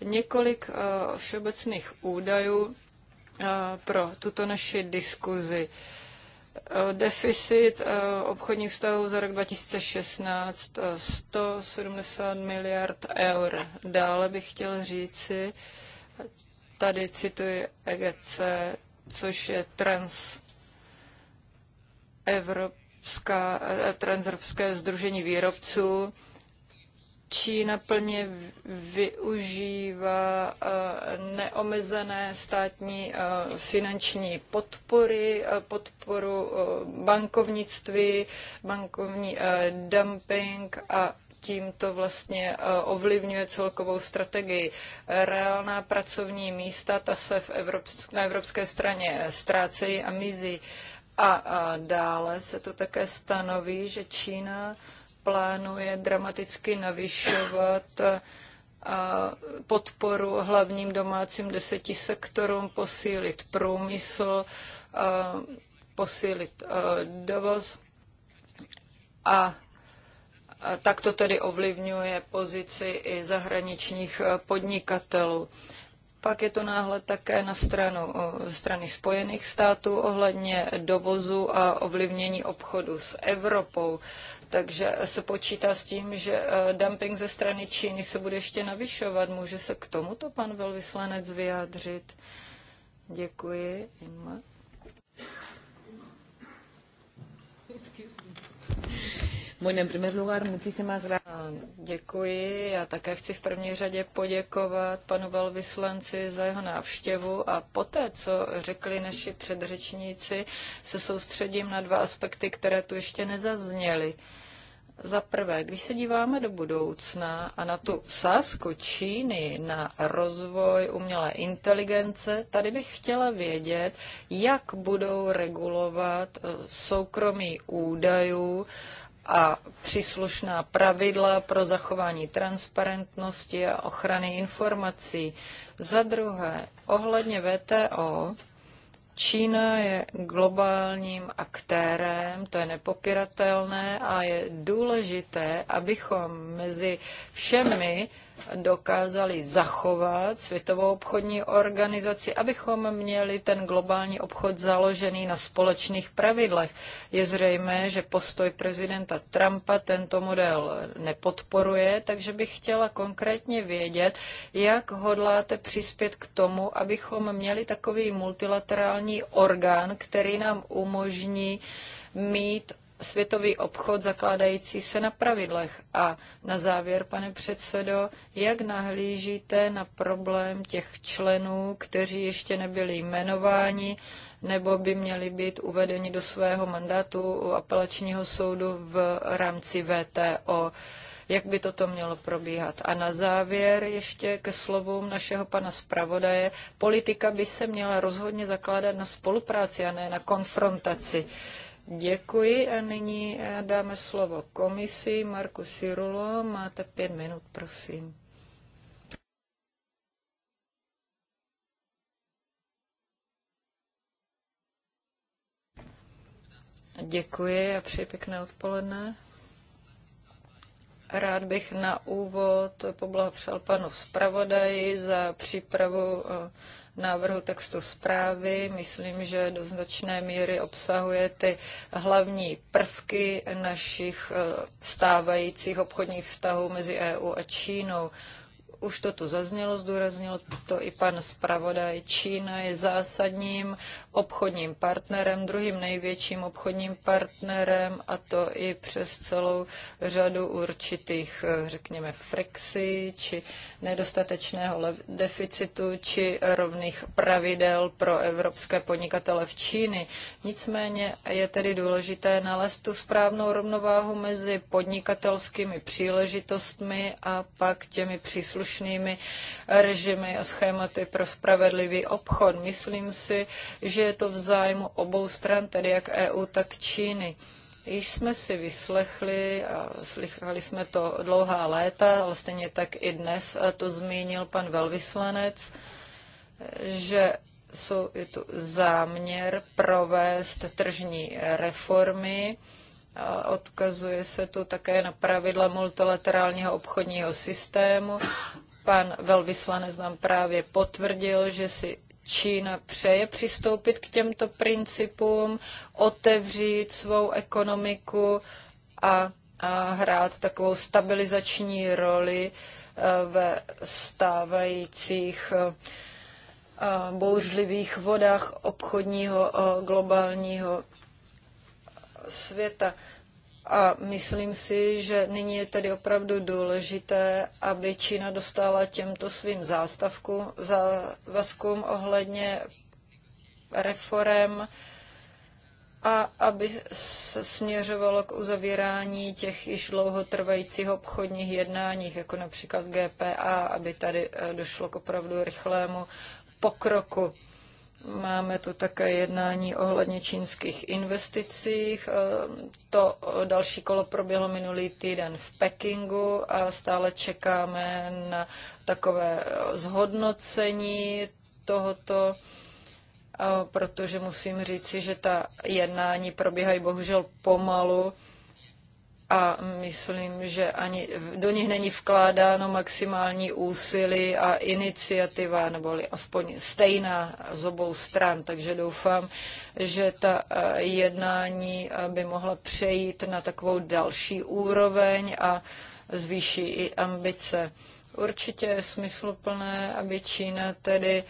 Několik eh, všeobecných údajů eh, pro tuto naši diskuzi. Eh, deficit obchodních vztahů za rok 2016 170 miliard eur. Dále bych chtěl říci, tady cituji EGC, což je trans Evropská, eh, transevropské združení výrobců. Čína plně využívá eh, neomezené státní eh, finanční podpory, podporu bankovnictví, bankovní dumping a tím to vlastně ovlivňuje celkovou strategii. Reálná pracovní místa, ta se v Evropsk- na evropské straně ztrácejí a mizí. A, a dále se to také stanoví, že Čína plánuje dramaticky navyšovat a podporu hlavním domácím deseti sektorům, posílit průmysl, a posílit dovoz a tak to tedy ovlivňuje pozici i zahraničních podnikatelů. Pak je to náhled také na stranu ze strany Spojených států ohledně dovozu a ovlivnění obchodu s Evropou. Takže se počítá s tím, že e, dumping ze strany Číny se bude ještě navyšovat. Může se k tomuto pan velvyslanec vyjádřit? Děkuji. Inma. Bueno, en primer lugar, muchísimas gracias. Děkuji. Já také chci v první řadě poděkovat panu velvyslanci za jeho návštěvu a poté, co řekli naši předřečníci, se soustředím na dva aspekty, které tu ještě nezazněly. Za prvé, když se díváme do budoucna a na tu sázku Číny na rozvoj umělé inteligence, tady bych chtěla vědět, jak budou regulovat eh, soukromí údajů a příslušná pravidla pro zachování transparentnosti a ochrany informací. Za druhé, ohledně VTO, Čína je globálním aktérem, to je nepopiratelné a je důležité, abychom mezi všemi dokázali zachovat Světovou obchodní organizaci, abychom měli ten globální obchod založený na společných pravidlech. Je zřejmé, že postoj prezidenta Trumpa tento model nepodporuje, takže bych chtěla konkrétně vědět, jak hodláte přispět k tomu, abychom měli takový multilaterální orgán, který nám umožní mít světový obchod zakládající se na pravidlech. A na závěr, pane předsedo, jak nahlížíte na problém těch členů, kteří ještě nebyli jmenováni nebo by měli být uvedeni do svého mandátu u apelačního soudu v rámci VTO? jak by toto mělo probíhat. A na závěr ještě ke slovům našeho pana zpravodaje. Politika by se měla rozhodně zakládat na spolupráci a ne na konfrontaci. Děkuji a nyní eh, dáme slovo komisi. Marku Sirulo, máte pět minut, prosím. Děkuji a přeji pěkné odpoledne. Rád bych na úvod poblahopřál panu zpravodaji za přípravu eh, návrhu textu zprávy. Myslím, že do značné míry obsahuje ty hlavní prvky našich eh, stávajících obchodních vztahů mezi EU a Čínou už toto zaznělo, zdůraznil to i pan zpravodaj. Čína je zásadním obchodním partnerem, druhým největším obchodním partnerem a to i přes celou řadu určitých, eh, řekněme, frexí či nedostatečného deficitu či rovných pravidel pro evropské podnikatele v Číny. Nicméně je tedy důležité nalézt tu správnou rovnováhu mezi podnikatelskými příležitostmi a pak těmi příslušnými plošnými režimy a schématy pro spravedlivý obchod. Myslím si, že je to v zájmu obou stran, tedy jak EU, tak Číny. Již jsme si vyslechli, a slychali jsme to dlouhá léta, ale stejně tak i dnes, to zmínil pan velvyslanec, že jsou, je tu záměr provést tržní reformy, Odkazuje se tu také na pravidla multilaterálního obchodního systému. Pan velvyslanec nám právě potvrdil, že si Čína přeje přistoupit k těmto principům, otevřít svou ekonomiku a, a hrát takovou stabilizační roli e, ve stávajících e, bouřlivých vodách obchodního e, globálního světa. A myslím si, že nyní je tedy opravdu důležité, aby Čína dostala těmto svým zástavkům, závazkům ohledně reform a aby se směřovalo k uzavírání těch již dlouhotrvajících obchodních jednáních, jako například GPA, aby tady eh, došlo k opravdu rychlému pokroku. Máme tu také jednání ohledně čínských investicích. Eh, to další kolo proběhlo minulý týden v Pekingu a stále čekáme na takové eh, zhodnocení tohoto, eh, protože musím říci, že ta jednání probíhají bohužel pomalu a myslím, že ani do nich není vkládáno maximální úsilí a iniciativa, nebo aspoň stejná z obou stran. Takže doufám, že ta e, jednání e, by mohla přejít na takovou další úroveň a zvýší i ambice. Určitě je smysluplné, aby Čína tedy e,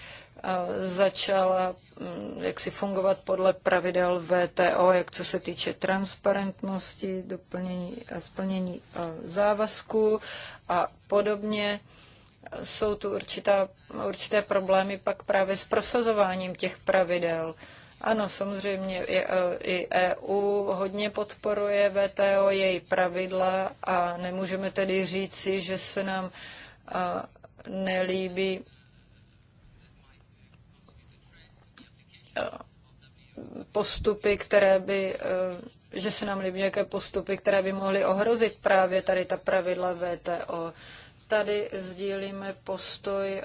začala Mm, jak si fungovat podle pravidel VTO, jak co se týče transparentnosti, doplnění a splnění eh, závazků a podobně. Jsou tu určitá, určité problémy pak právě s prosazováním těch pravidel. Ano, samozřejmě eh, i EU hodně podporuje VTO, její pravidla a nemůžeme tedy říci, že se nám eh, nelíbí postupy, které by, eh, že se nám líbí nějaké postupy, které by mohly ohrozit právě tady ta pravidla VTO. Tady sdílíme postoj eh,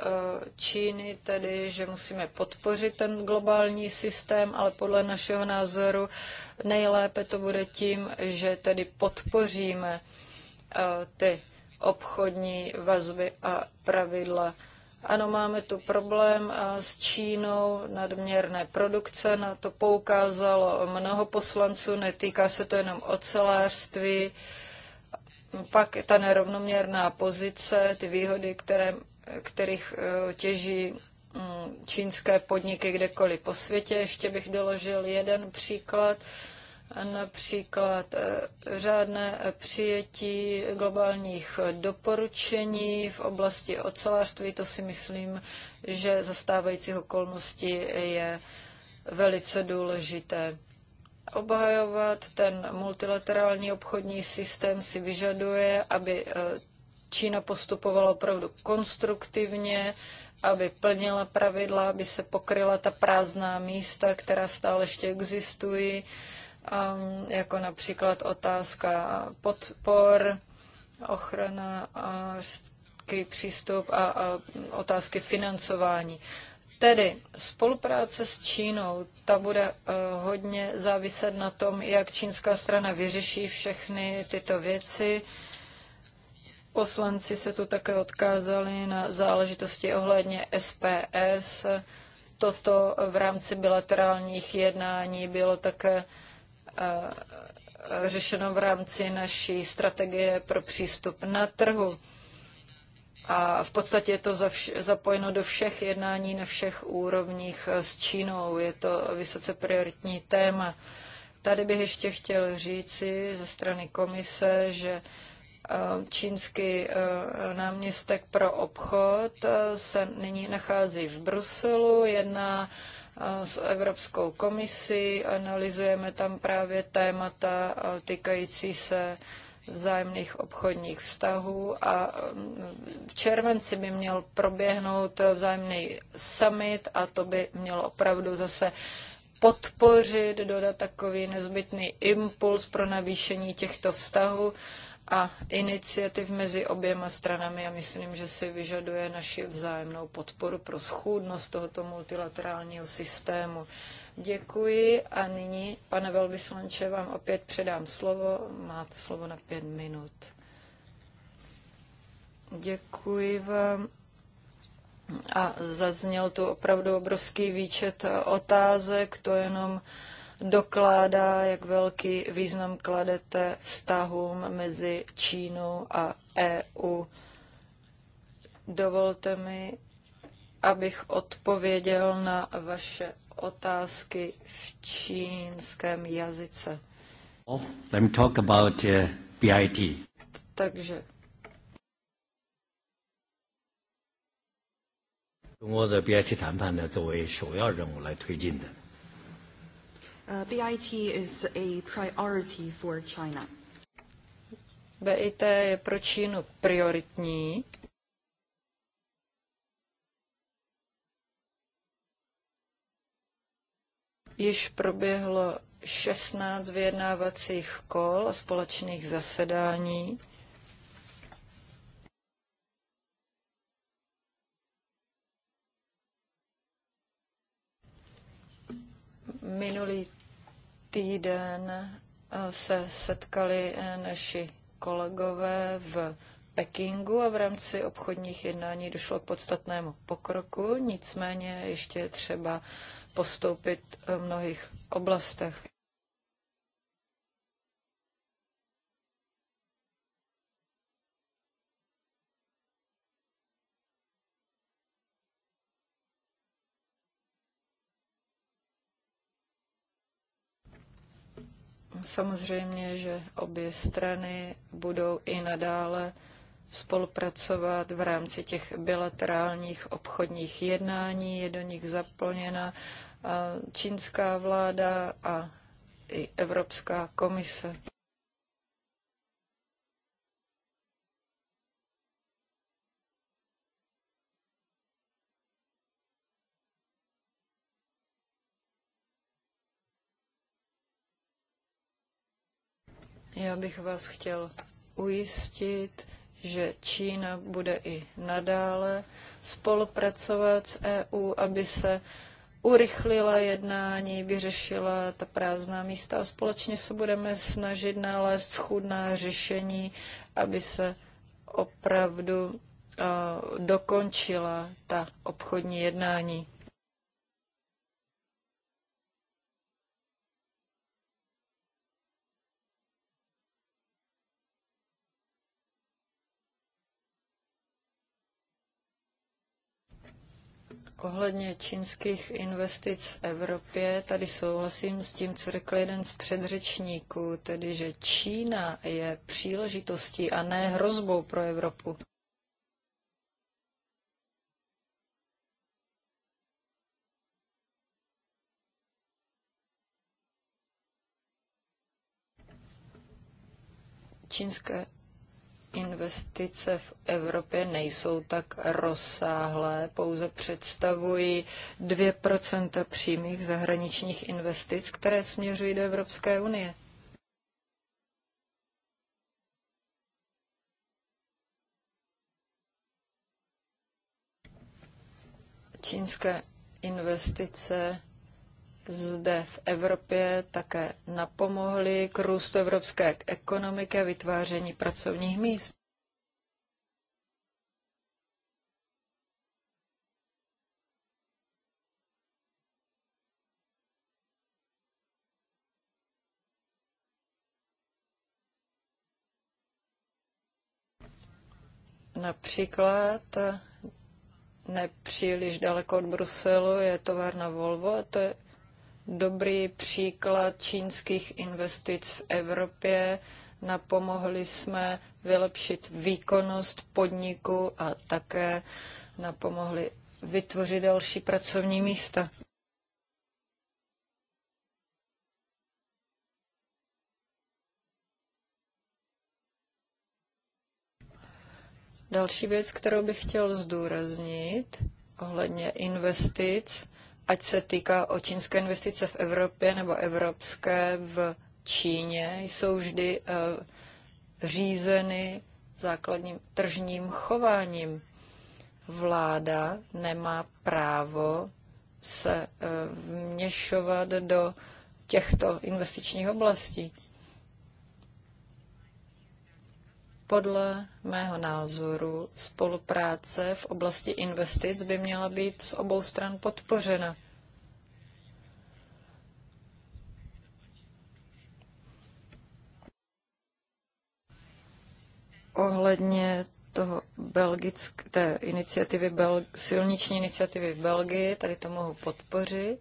Číny, tedy, že musíme podpořit ten globální systém, ale podle našeho názoru nejlépe to bude tím, že tedy podpoříme eh, ty obchodní vazby a pravidla ano, máme tu problém s Čínou nadměrné produkce, na to poukázalo mnoho poslanců, netýká se to jenom ocelářství. Pak ta nerovnoměrná pozice, ty výhody, které, kterých e, těží mm, čínské podniky kdekoliv po světě. Ještě bych doložil jeden příklad například eh, řádné přijetí globálních doporučení v oblasti ocelářství. To si myslím, že zastávajících okolností je velice důležité. Obhajovat ten multilaterální obchodní systém si vyžaduje, aby eh, Čína postupovala opravdu konstruktivně, aby plnila pravidla, aby se pokryla ta prázdná místa, která stále ještě existují jako například otázka podpor, ochrana, přístup a, a otázky financování. Tedy spolupráce s Čínou, ta bude eh, hodně záviset na tom, jak čínská strana vyřeší všechny tyto věci. Poslanci se tu také odkázali na záležitosti ohledně SPS. Toto v rámci bilaterálních jednání bylo také Eh, řešeno v rámci naší strategie pro přístup na trhu. A v podstatě je to zapojeno do všech jednání na všech úrovních eh, s Čínou. Je to vysoce prioritní téma. Tady bych ještě chtěl říci ze strany komise, že eh, čínský náměstek pro obchod se nyní nachází v Bruselu, jedná s Evropskou komisí, analyzujeme tam právě témata týkající se vzájemných obchodních vztahů a mm, v červenci by měl proběhnout vzájemný summit a to by mělo opravdu zase podpořit, dodat takový nezbytný impuls pro navýšení těchto vztahů a iniciativ mezi oběma stranami a myslím, že si vyžaduje naši vzájemnou podporu pro schůdnost tohoto multilaterálního systému. Děkuji a nyní, pane velvyslanče, vám opět předám slovo. Máte slovo na pět minut. Děkuji vám. A zazněl tu opravdu obrovský výčet otázek, to jenom uh, dokládá, jak velký význam kladete vztahům mezi Čínou a EU. Dovolte mi, abych odpověděl na vaše otázky v čínském jazyce. Oh, let me talk about uh, BIT. Takže 中国的 BIT 谈判呢，作为首要任务来推进的。Uh, BIT is a priority for China. BIT je pro Čínu prioritní. Již proběhlo 16 vyjednávacích kol a společných zasedání. Minulý týden eh, se setkali eh, naši kolegové v Pekingu a v rámci obchodních jednání došlo k podstatnému pokroku, nicméně ještě je třeba postoupit v mnohých oblastech. Samozřejmě, že obě strany budou i nadále spolupracovat v rámci těch bilaterálních obchodních jednání. Je do nich zaplněna čínská vláda a i Evropská komise. Já bych vás chtěl ujistit, že Čína bude i nadále spolupracovat s EU, aby se urychlila jednání, vyřešila ta prázdná místa a společně se budeme snažit nalézt schůdná řešení, aby se opravdu uh, dokončila ta obchodní jednání. Ohledně čínských investic v Evropě, tady souhlasím s tím, co řekl jeden z předřečníků, tedy že Čína je příležitostí a ne hrozbou pro Evropu. Čínské investice v Evropě nejsou tak rozsáhlé, pouze představují 2% přímých zahraničních investic, které směřují do Evropské unie. Čínské investice zde v Evropě také napomohly k růstu evropské ekonomiky a vytváření pracovních míst. Například nepříliš daleko od Bruselu je továrna Volvo a to je dobrý příklad čínských investic v Evropě. Napomohli jsme vylepšit výkonnost podniku a také napomohli vytvořit další pracovní místa. Další věc, kterou bych chtěl zdůraznit ohledně investic, ať se týká o čínské investice v Evropě nebo evropské v Číně, jsou vždy eh, řízeny základním tržním chováním. Vláda nemá právo se eh, vměšovat do těchto investičních oblastí. Podle mého názoru spolupráce v oblasti investic by měla být z obou stran podpořena. Ohledně toho belgické, té iniciativy, silniční iniciativy v Belgii, tady to mohu podpořit.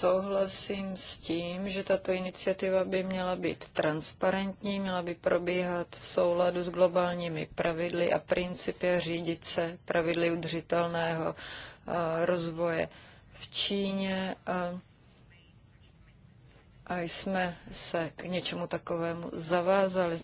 souhlasím s tím, že tato iniciativa by měla být transparentní, měla by probíhat v souladu s globálními pravidly a principy a řídit se pravidly udržitelného eh, rozvoje. V Číně a jsme se k něčemu takovému zavázali.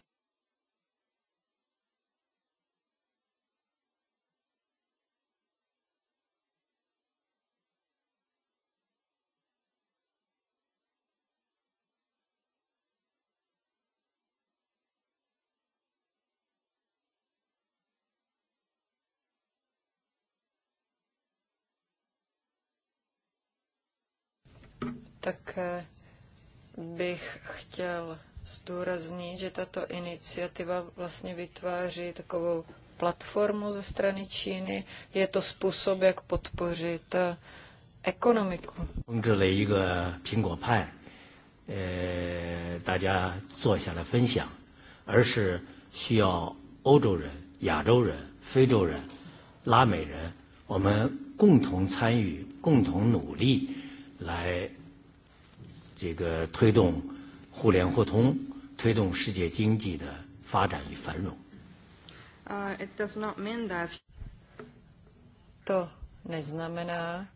Také eh, bych chtěl zdůraznit, že tato iniciativa vlastně vytváří takovou platformu ze strany Číny. Je to způsob, jak podpořit eh, ekonomiku. 呃，大家坐下来分享，而是需要欧洲人、亚洲人、非洲人、拉美人，我们共同参与、共同努力，来这个推动互联互通，推动世界经济的发展与繁荣。Uh, does not mean that. neznamená,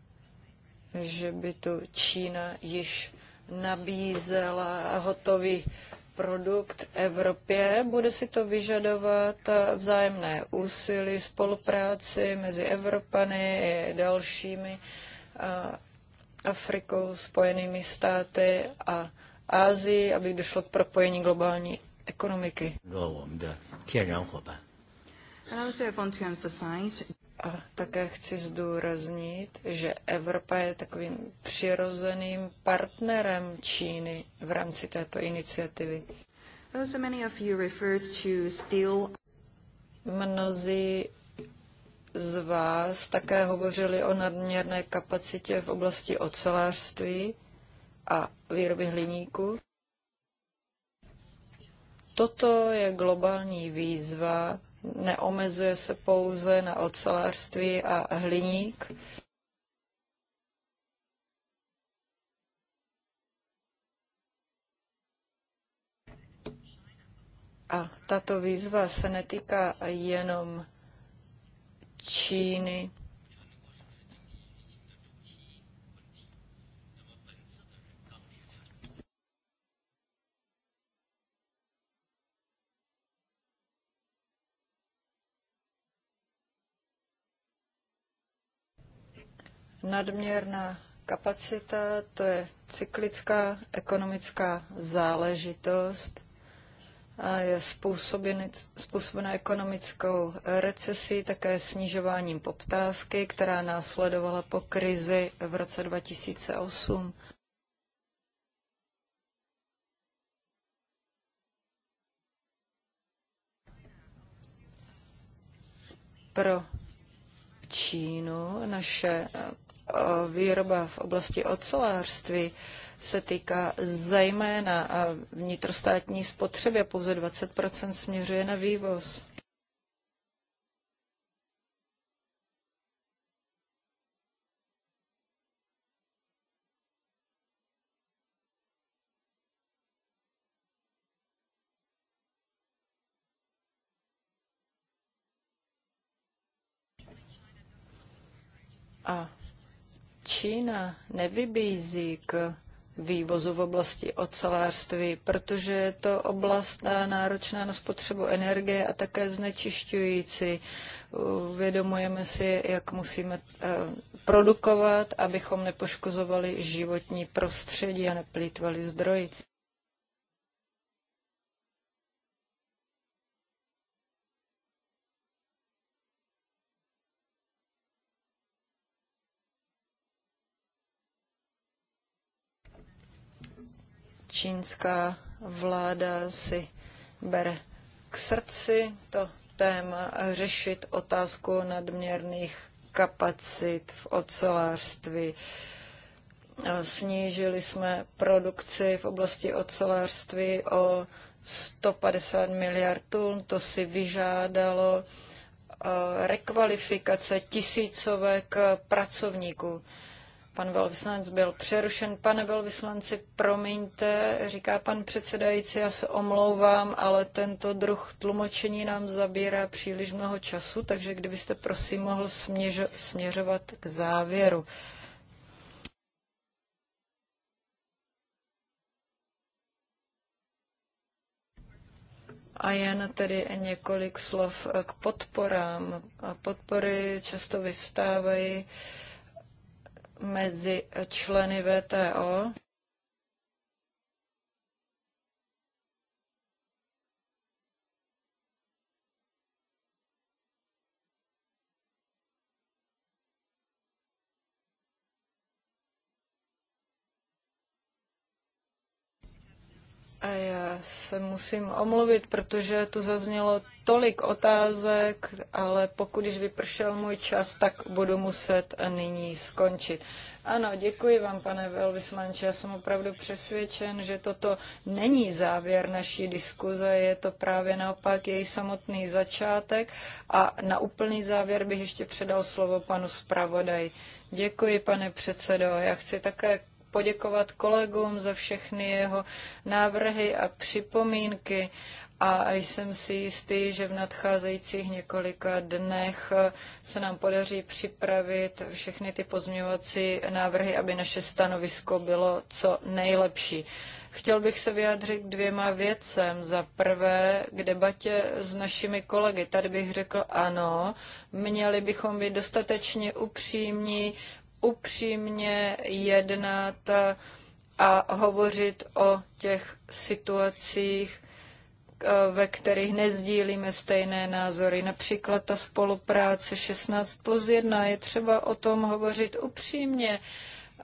že by tu Čína již nabízela hotový produkt Evropě. Bude si to vyžadovat vzájemné úsilí, spolupráci mezi Evropany i dalšími uh, Afrikou, Spojenými státy a Ázii, aby došlo k propojení globální ekonomiky. A také chci zdůraznit, že Evropa je takovým přirozeným partnerem Číny v rámci této iniciativy. Mnozí z vás také hovořili o nadměrné kapacitě v oblasti ocelářství a výroby hliníku. Toto je globální výzva, neomezuje se pouze na ocelářství a hliník. A tato výzva se netýká jenom Číny. Nadměrná kapacita, to je cyklická ekonomická záležitost je způsobena ekonomickou recesí, také snižováním poptávky, která následovala po krizi v roce 2008. Pro Čínu naše eh, výroba v oblasti ocelářství se týká zejména a vnitrostátní spotřeby a pouze 20 směřuje na vývoz. A Čína nevybízí k vývozu v oblasti ocelářství, protože je to oblast eh, náročná na spotřebu energie a také znečišťující. Uvědomujeme si, jak musíme eh, produkovat, abychom nepoškozovali životní prostředí a neplýtvali zdroji. čínská vláda si bere k srdci to téma a řešit otázku nadměrných kapacit v ocelářství. Snížili jsme produkci v oblasti ocelářství o 150 miliard tun. To si vyžádalo rekvalifikace tisícovek pracovníků. Pan velvyslanec byl přerušen. Pane velvyslanci, promiňte, říká pan předsedající, já se omlouvám, ale tento druh tlumočení nám zabírá příliš mnoho času, takže kdybyste prosím mohl směřo- směřovat k závěru. A jen tedy několik slov k podporám. Podpory často vyvstávají mezi členy VTO. A já se musím omluvit, protože to zaznělo tolik otázek, ale pokud již vypršel můj čas, tak budu muset nyní skončit. Ano, děkuji vám, pane velvyslanče. Já jsem opravdu přesvědčen, že toto není závěr naší diskuze, je to právě naopak její samotný začátek. A na úplný závěr bych ještě předal slovo panu zpravodaj. Děkuji, pane předsedo. Já chci také poděkovat kolegům za všechny jeho návrhy a připomínky a jsem si jistý, že v nadcházejících několika dnech se nám podaří připravit všechny ty pozměňovací návrhy, aby naše stanovisko bylo co nejlepší. Chtěl bych se vyjádřit dvěma věcem. Za prvé k debatě s našimi kolegy. Tady bych řekl ano, měli bychom být dostatečně upřímní, upřímně jednat a hovořit o těch situacích, Eh, ve kterých nezdílíme stejné názory. Například ta spolupráce 16 plus 1 je třeba o tom hovořit upřímně.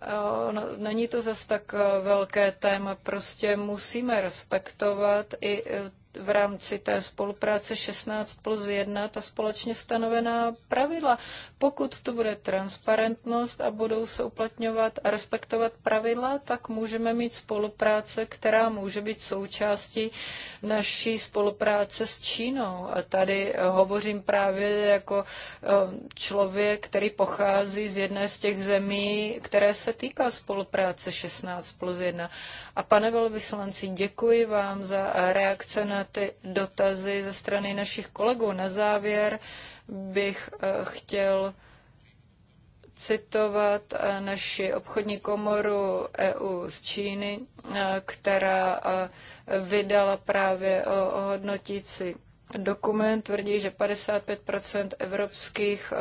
Eh, no, není to zas tak eh, velké téma, prostě musíme respektovat i v rámci té spolupráce 16 plus 1 ta společně stanovená pravidla. Pokud to bude transparentnost a budou se uplatňovat a respektovat pravidla, tak můžeme mít spolupráce, která může být součástí naší spolupráce s Čínou. A tady hovořím právě jako eh, člověk, který pochází z jedné z těch zemí, které se týká spolupráce 16 plus 1. A pane velvyslanci, děkuji vám za reakce na ty dotazy ze strany našich kolegů. Na závěr bych eh, chtěl citovat eh, naši obchodní komoru EU z Číny, eh, která vydala právě o hodnotící dokument. Tvrdí, že 55 evropských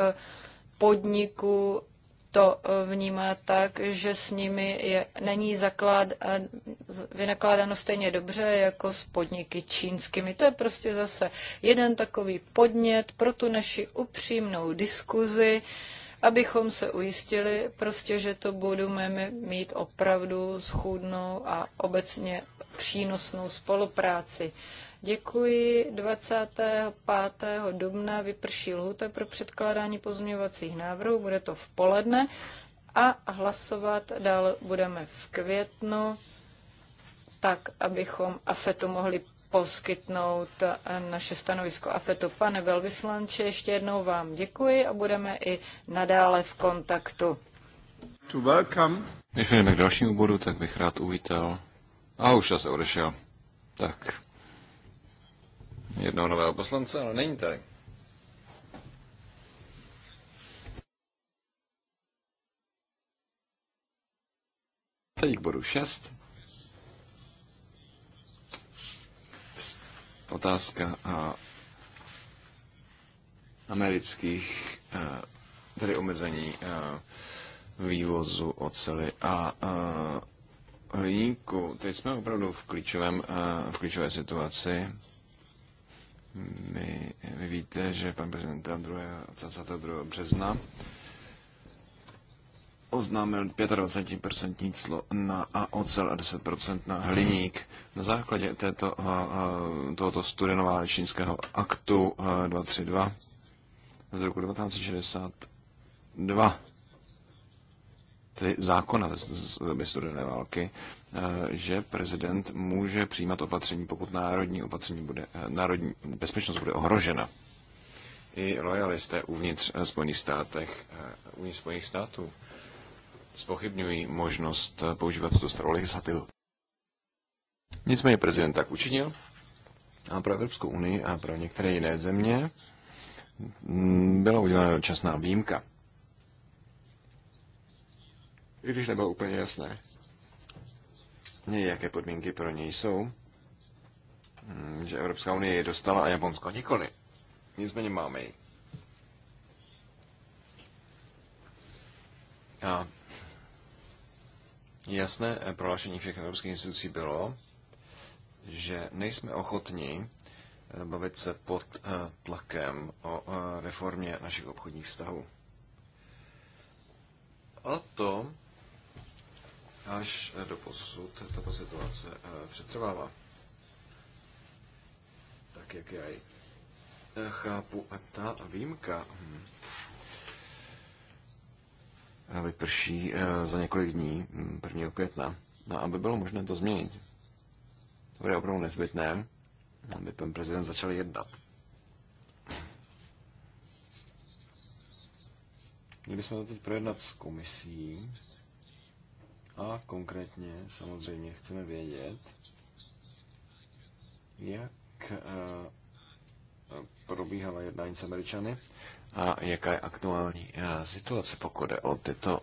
podniků to eh, vnímá tak, že s nimi je, není zaklád, vynakládáno stejně dobře jako s podniky čínskými. To je prostě zase jeden takový podnět pro tu naši upřímnou diskuzi, abychom se ujistili, prostě, že to budeme mít opravdu schůdnou a obecně přínosnou spolupráci. Děkuji. 25. dubna vyprší lhuta pro předkládání pozměňovacích návrhů, bude to v poledne a hlasovat dále budeme v květnu, tak abychom AFETu mohli poskytnout eh, naše stanovisko AFETu. Pane velvyslanče, ještě jednou vám děkuji a budeme i nadále v kontaktu. To Než jdeme k dalšímu bodu, tak bych rád uvítal. A už se odešel. Tak jednoho nového poslance, ale není tady. Teď k bodu 6. Otázka a amerických, eh, tedy omezení eh, vývozu oceli a eh, hliníku. Teď jsme opravdu v, klíčovém, v klíčové situaci. My, my víte, že pan prezident 22. 22. března oznámil 25% clo na a ocel a 10% na hliník. Na základě této, eh, eh, tohoto studenová čínského aktu 232 eh, z roku 1962 tedy zákona z doby studené války, eh, že prezident může přijímat opatření, pokud národní opatření bude, eh, národní bezpečnost bude ohrožena. I lojalisté uvnitř eh, Spojených, státech, uvnitř Spojených států spochybňují možnost používat tuto starou legislativu. Nicméně prezident tak učinil a pro Evropskou unii a pro některé jiné země mm, byla udělána dočasná výjimka i když nebylo úplně jasné, jaké podmínky pro něj jsou, hm, že Evropská unie je dostala a Japonsko nikoli. Nicméně máme ji. A jasné prohlášení všech evropských institucí bylo, že nejsme ochotní eh, bavit se pod eh, tlakem o eh, reformě našich obchodních vztahů. A to až eh, do posud tato situace eh, přetrvává. Tak jak já ji eh, chápu. A ta výjimka hm, vyprší za několik dní, 1. Hm, května. No, aby bylo možné to změnit. To bude opravdu nezbytné, aby pan prezident začal jednat. Měli jsme to teď projednat s komisí a konkrétně samozřejmě chceme vědět, jak eh, probíhala jednání s Američany a jaká je aktuální eh, situace, pokud je o tyto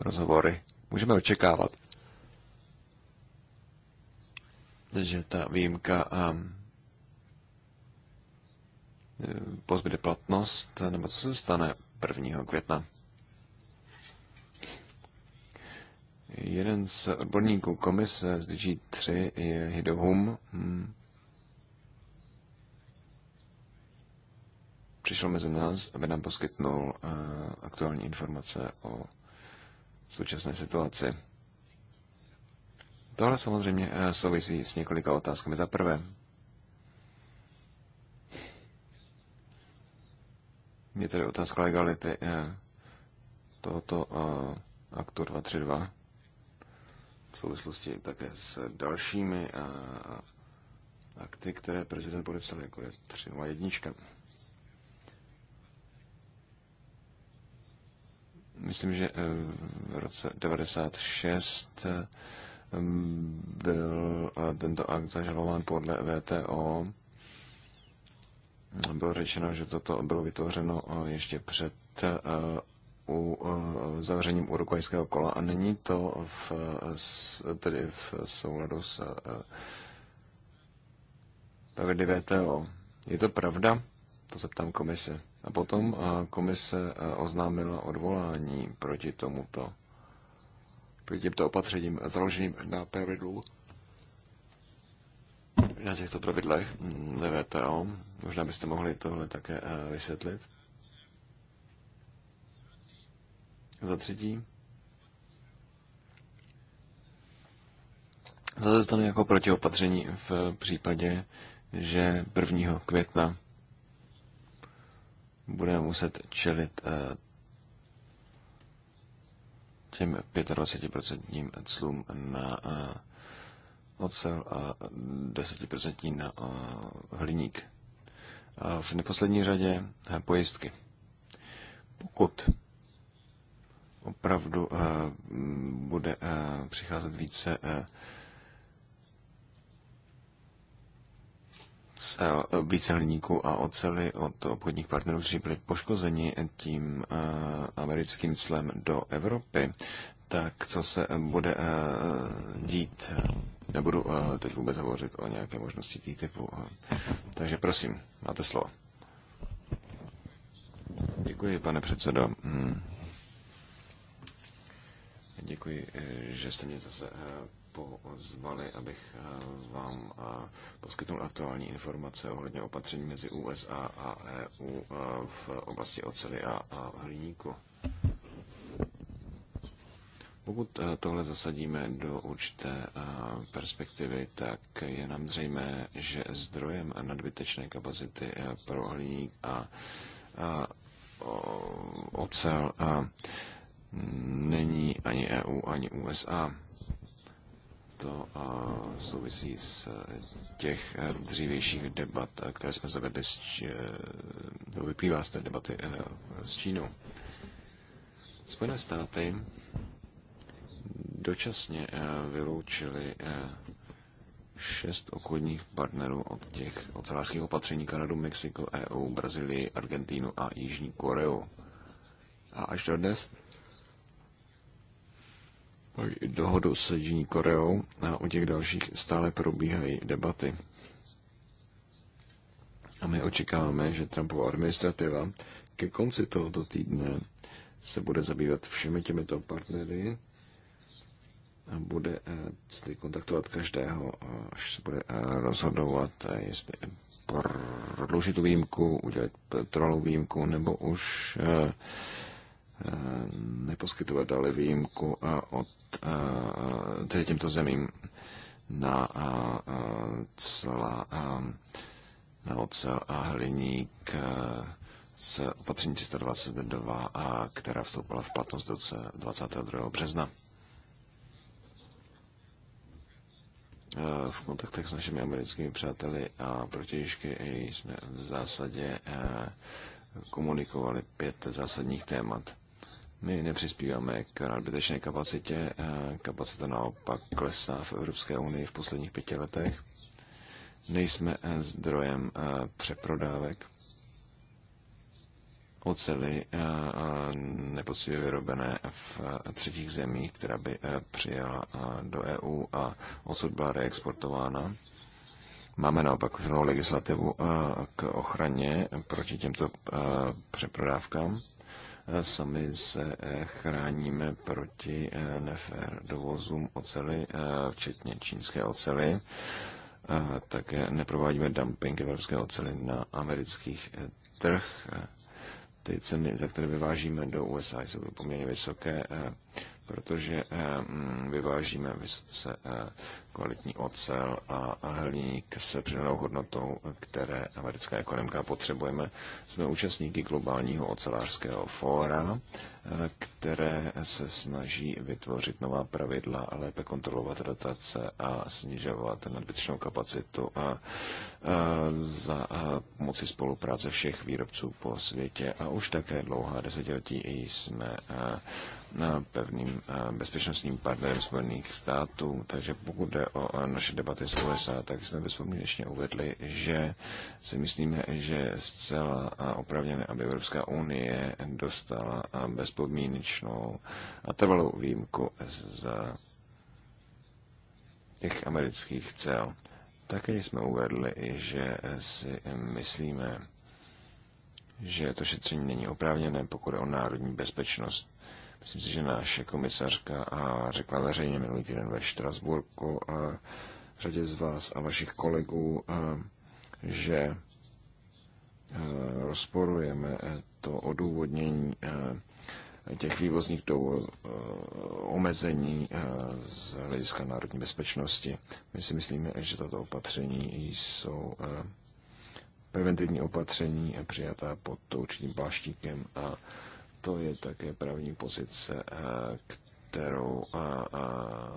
rozhovory. Můžeme očekávat, že ta výjimka ehm, eh, pozbyde platnost, nebo co se stane 1. května. Jeden z odborníků komise z DG3 je Hidohum. Hmm. Přišel mezi nás, aby nám poskytnul eh, aktuální informace o současné situaci. Tohle samozřejmě eh, souvisí s několika otázkami. Za prvé, je tady otázka legality eh, tohoto aktu 232 v souvislosti také s dalšími a akty, které prezident podepsal, jako je jednička. Myslím, že e, v roce 96 e, byl e, tento akt zažalován podle VTO. Bylo řečeno, že toto bylo vytvořeno ještě před u e, zavřením urukajského kola a není to v, tedy v souladu s e, pravidly VTO. Je to pravda? To se ptám komise. A potom e, komise oznámila odvolání proti tomuto, proti těmto opatřením založeným na pravidlu na těchto pravidlech mm, VTO. Možná byste mohli tohle také vysvětlit. Za třetí, zase stane jako protiopatření v případě, že 1. května budeme muset čelit eh, těm 25% clům na eh, ocel a 10% na eh, hliník. A v neposlední řadě pojistky. Pokud opravdu eh, bude eh, přicházet více cel, eh, více hliníku a oceli od obchodních partnerů, kteří byli poškozeni tím americkým clem do Evropy, tak co se bude dít? Nebudu teď vůbec hovořit o nějaké možnosti tý typu. Takže prosím, máte slovo. Děkuji, pane předsedo. Hmm. Děkuji, eh, že jste mě zase eh, pozvali, abych eh, vám poskytnul aktuální informace ohledně opatření mezi USA a EU v oblasti ocely a hliníku. Pokud tohle zasadíme do určité perspektivy, tak je nám zřejmé, že zdrojem nadbytečné kapacity pro hliník a ocel a není ani EU, ani USA. To eh, souvisí s eh, těch eh, dřívějších debat, které jsme zavedli, s, to vyplývá z té debaty s Čínou. Spojené státy dočasně vyloučily šest obchodních partnerů od těch ocelářských opatření Kanadu, Mexiko, EU, Brazílii, Argentínu a Jižní Koreu. A až do dnes dohodu s Jižní Koreou a o těch dalších stále probíhají debaty. A my očekáváme, že Trumpova administrativa ke konci tohoto týdne se bude zabývat všemi těmito partnery a bude eh, tedy kontaktovat každého, eh, až se bude eh, rozhodovat, jestli prodloužit tu výjimku, udělat trvalou výjimku, nebo už Eh, neposkytovat dále výjimku eh, od eh, tedy těmto zemím na celá na ocel a hliník z opatření 322, která vstoupila v platnost do 22. března. v kontaktech s našimi americkými přáteli a protižky jsme v zásadě komunikovali pět zásadních témat. My nepřispíváme k nadbytečné kapacitě, eh, kapacita naopak klesá v Evropské unii v posledních pěti letech. Nejsme eh, zdrojem eh, přeprodávek oceli nepoctivě vyrobené v třetích zemích, která by přijela do EU a odsud byla reexportována. Máme naopak legislativu k ochraně proti těmto přeprodávkám. Eh, sami se eh, chráníme proti eh, nefér dovozům ocely, včetně čínské ocely. Také neprovádíme dumping evropské ocely na amerických trh. Ty ceny, za které vyvážíme do USA, jsou poměrně vysoké protože eh, mm, vyvážíme vysoce eh, kvalitní ocel a hliník se přidanou hodnotou, které americká ekonomika potřebujeme. Jsme účastníky globálního ocelářského fóra, eh, které se snaží vytvořit nová pravidla, lépe kontrolovat dotace a snižovat nadbytečnou kapacitu a, a za pomoci spolupráce všech výrobců po světě. A už také dlouhá desetiletí jsme a, Eh, pevným eh, bezpečnostním partnerem Spojených států. Takže pokud jde o eh, naše debaty s USA, tak jsme bezpomínečně uvedli, že si myslíme, že je zcela opravněné, aby Evropská unie dostala bezpodmínečnou a trvalou výjimku z těch amerických cel. Také jsme uvedli, že si myslíme, že to šetření není oprávněné, pokud je o národní bezpečnost. Myslím si, že naše komisařka a řekla veřejně minulý týden ve Štrasburku a řadě z vás a vašich kolegů, a, že a, rozporujeme to odůvodnění a, těch vývozních do, omezení z hlediska národní bezpečnosti. My si myslíme, že tato opatření jsou preventivní opatření přijatá pod určitým pláštíkem a to je také právní pozice, eh, kterou a, eh, a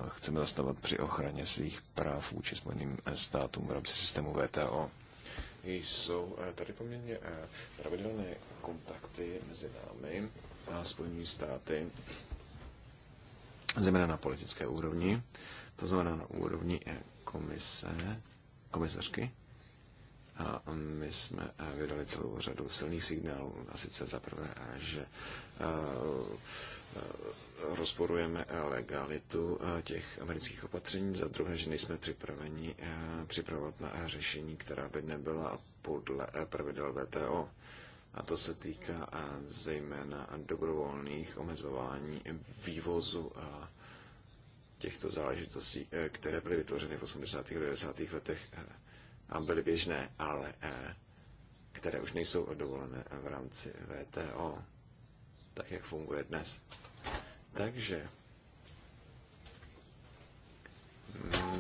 eh, chceme zastávat při ochraně svých práv vůči Spojeným státům v rámci systému VTO. Jsou tady poměrně pravidelné kontakty mezi námi a Spojenými státy, zejména na politické úrovni, to znamená na úrovni komise, komisařky a my jsme eh, vydali celou řadu silných signálů, a sice za prvé, eh, že eh, rozporujeme legalitu těch amerických opatření, za druhé, že nejsme připraveni připravovat na řešení, která by nebyla podle pravidel VTO. A to se týká zejména dobrovolných omezování vývozu těchto záležitostí, které byly vytvořeny v 80. a 90. letech byly běžné, ale eh, které už nejsou dovolené v rámci VTO, tak jak funguje dnes. Takže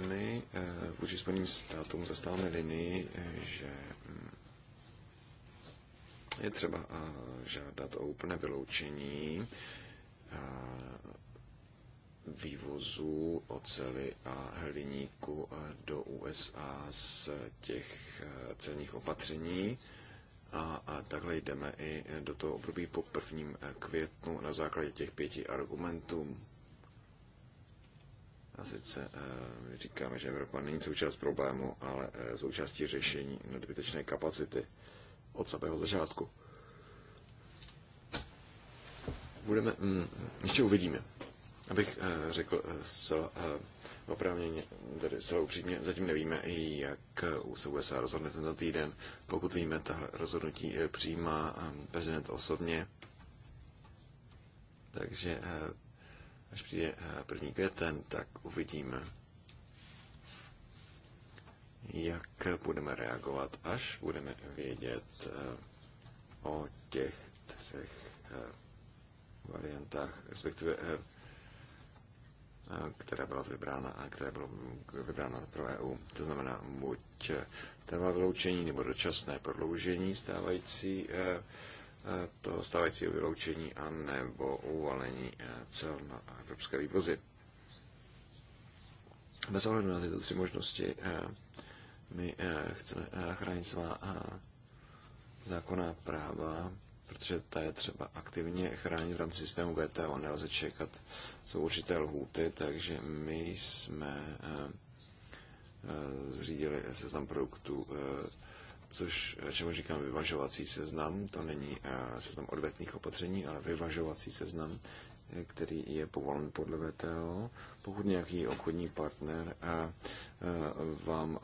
my eh, vůči Spojeným státům zastáváme linii, že mm, je třeba eh, žádat o úplné vyloučení vývozu ocely a hliníku do USA z těch eh, celních opatření. A, a takhle jdeme i do toho období po prvním eh, květnu na základě těch pěti argumentů. A sice e, říkáme, že Evropa není součást problému, ale e, součástí řešení nadbytečné kapacity od samého začátku. Budeme, mm, ještě uvidíme Abych eh, řekl eh, zcela eh, oprávněně, tedy zcela upřímně, zatím nevíme, jak se USA rozhodne tento týden. Pokud víme, ta rozhodnutí přijímá prezident osobně. Takže až přijde první květen, tak uvidíme, jak budeme reagovat, až budeme vědět o těch třech variantách, respektive která byla vybrána a která byla vybrána pro EU. To znamená buď trvalé vyloučení nebo dočasné prodloužení stávající, eh, eh, toho stávajícího vyloučení a nebo uvalení eh, cel na evropské vývozy. Bez ohledu na tyto tři možnosti my chceme chránit svá zákonná práva protože ta je třeba aktivně chránit v rámci systému VTO, nelze čekat, jsou určité lhůty, takže my jsme eh, zřídili seznam produktů, eh, což čemu říkám vyvažovací seznam, to není eh, seznam odvetných opatření, ale vyvažovací seznam, který je povolen podle VTO. Pokud nějaký obchodní partner vám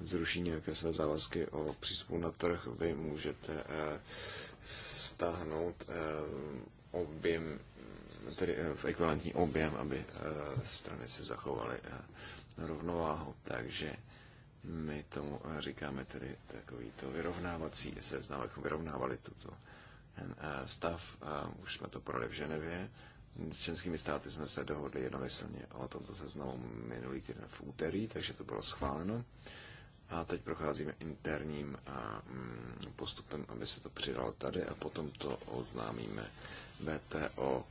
zruší nějaké své závazky o přístupu na trh, vy můžete stáhnout eh, objem, tedy eh, v ekvivalentní objem, aby eh, strany se zachovaly rovnováhu. Takže my tomu říkáme tedy takový to vyrovnávací seznam, jak vyrovnávali tuto stav. Už jsme to prodali v Ženevě. S českými státy jsme se dohodli jednomyslně o tomto seznamu minulý týden v úterý, takže to bylo schváleno. A teď procházíme interním mm, postupem, aby se to přidalo tady a potom to oznámíme VTO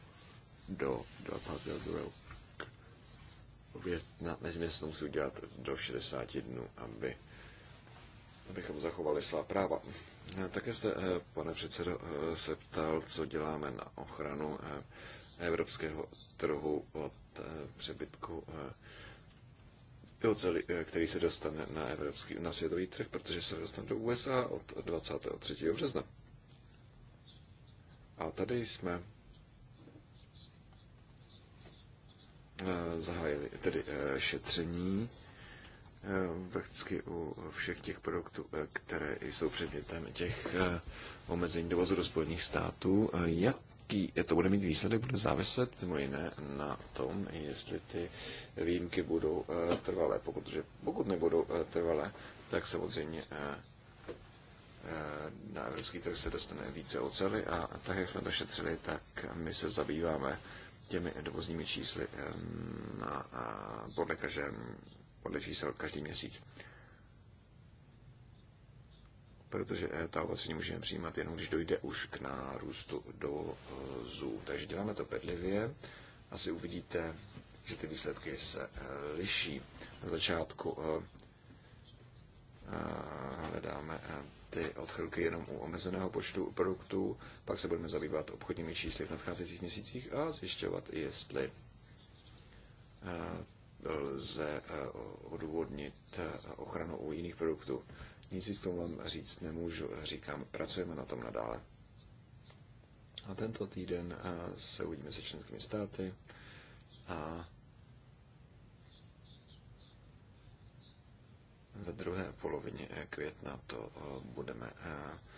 do 22. května. Myslím, že se to musí udělat do 60 dnů, aby, abychom zachovali svá práva. Také jste, eh, pane předsedo, eh, se ptal, co děláme na ochranu eh, evropského trhu od přebytku oceli, eh, který se dostane na, evropský, na světový trh, protože se dostane do USA od 23. března. A tady jsme eh, zahájili tedy eh, šetření prakticky u všech těch produktů, které jsou předmětem těch omezení dovozu do Spojených států. Jak jaký to bude mít výsledek, bude záviset mimo jiné na tom, jestli ty výjimky budou eh, trvalé. Protože pokud nebudou eh, trvalé, tak samozřejmě eh, na evropský trh se dostane více ocely a tak, jak jsme to šetřili, tak my se zabýváme těmi dovozními čísly na, podle, každé, podle čísel každý měsíc protože eh, ta opatření můžeme přijímat jenom, když dojde už k nárůstu do zů. Takže děláme to pedlivě. Asi uvidíte, že ty výsledky se eh, liší. Na začátku eh, hledáme ty odchylky jenom u omezeného počtu produktů, pak se budeme zabývat obchodními čísly v nadcházejících měsících a zjišťovat, jestli lze odůvodnit ochranu u jiných produktů. Nic víc k tomu říct nemůžu, říkám, pracujeme na tom nadále. A tento týden eh, se uvidíme se členskými státy a ve druhé polovině eh, května to eh, budeme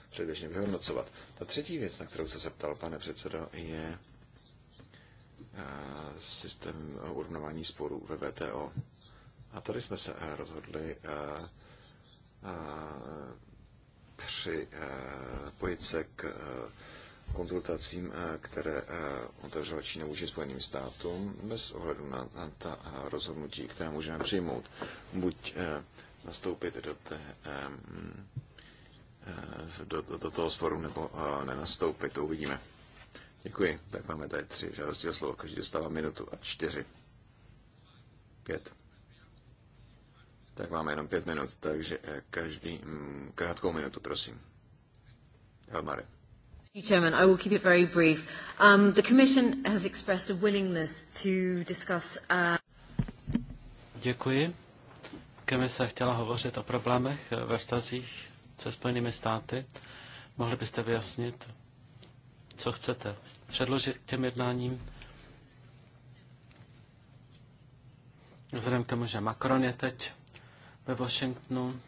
předběžně vyhodnocovat. Ta třetí věc, na kterou se zeptal, pane předsedo, je systém urovnávání sporů ve VTO. A tady jsme se rozhodli připojit e, se k e, konzultacím, e, které otevřela Čína vůči Spojeným státům, bez ohledu na, na ta rozhodnutí, která můžeme přijmout. Buď nastoupit do, té, do, do, do toho sporu, nebo nenastoupit, to uvidíme. Děkuji. Tak máme tady tři žádosti o slovo. Každý dostává minutu a čtyři. Pět tak máme jenom pět minut, takže eh, každý mm, krátkou minutu, prosím. Elmare. Chairman, I will keep it very brief. Um, the Commission has expressed a willingness to discuss. Uh... Děkuji. Komise chtěla hovořit o problémech eh, ve vztazích se Spojenými státy. Mohli byste vyjasnit, co chcete předložit k těm jednáním? Vzhledem k tomu, že Macron je teď ve Washingtonu,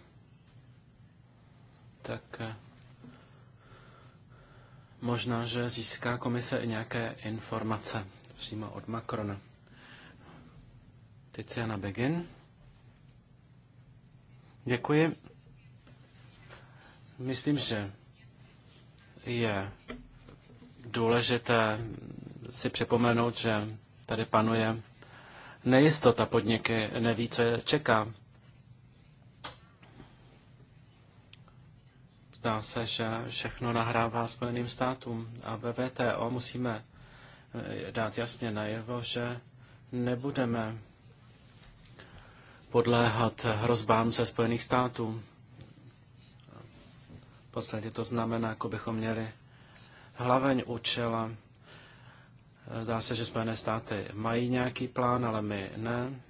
tak eh, možná, že získá komise i nějaké informace přímo od Macrona. Tiziana Begin. Děkuji. Myslím, že je důležité si připomenout, že tady panuje nejistota podniky, neví, co je čeká. Zdá se, že všechno nahrává Spojeným státům a ve VTO musíme eh, dát jasně najevo, že nebudeme podléhat hrozbám ze Spojených států. V podstatě to znamená, jako bychom měli hlaveň účela Zdá se, že Spojené státy mají nějaký plán, ale my ne.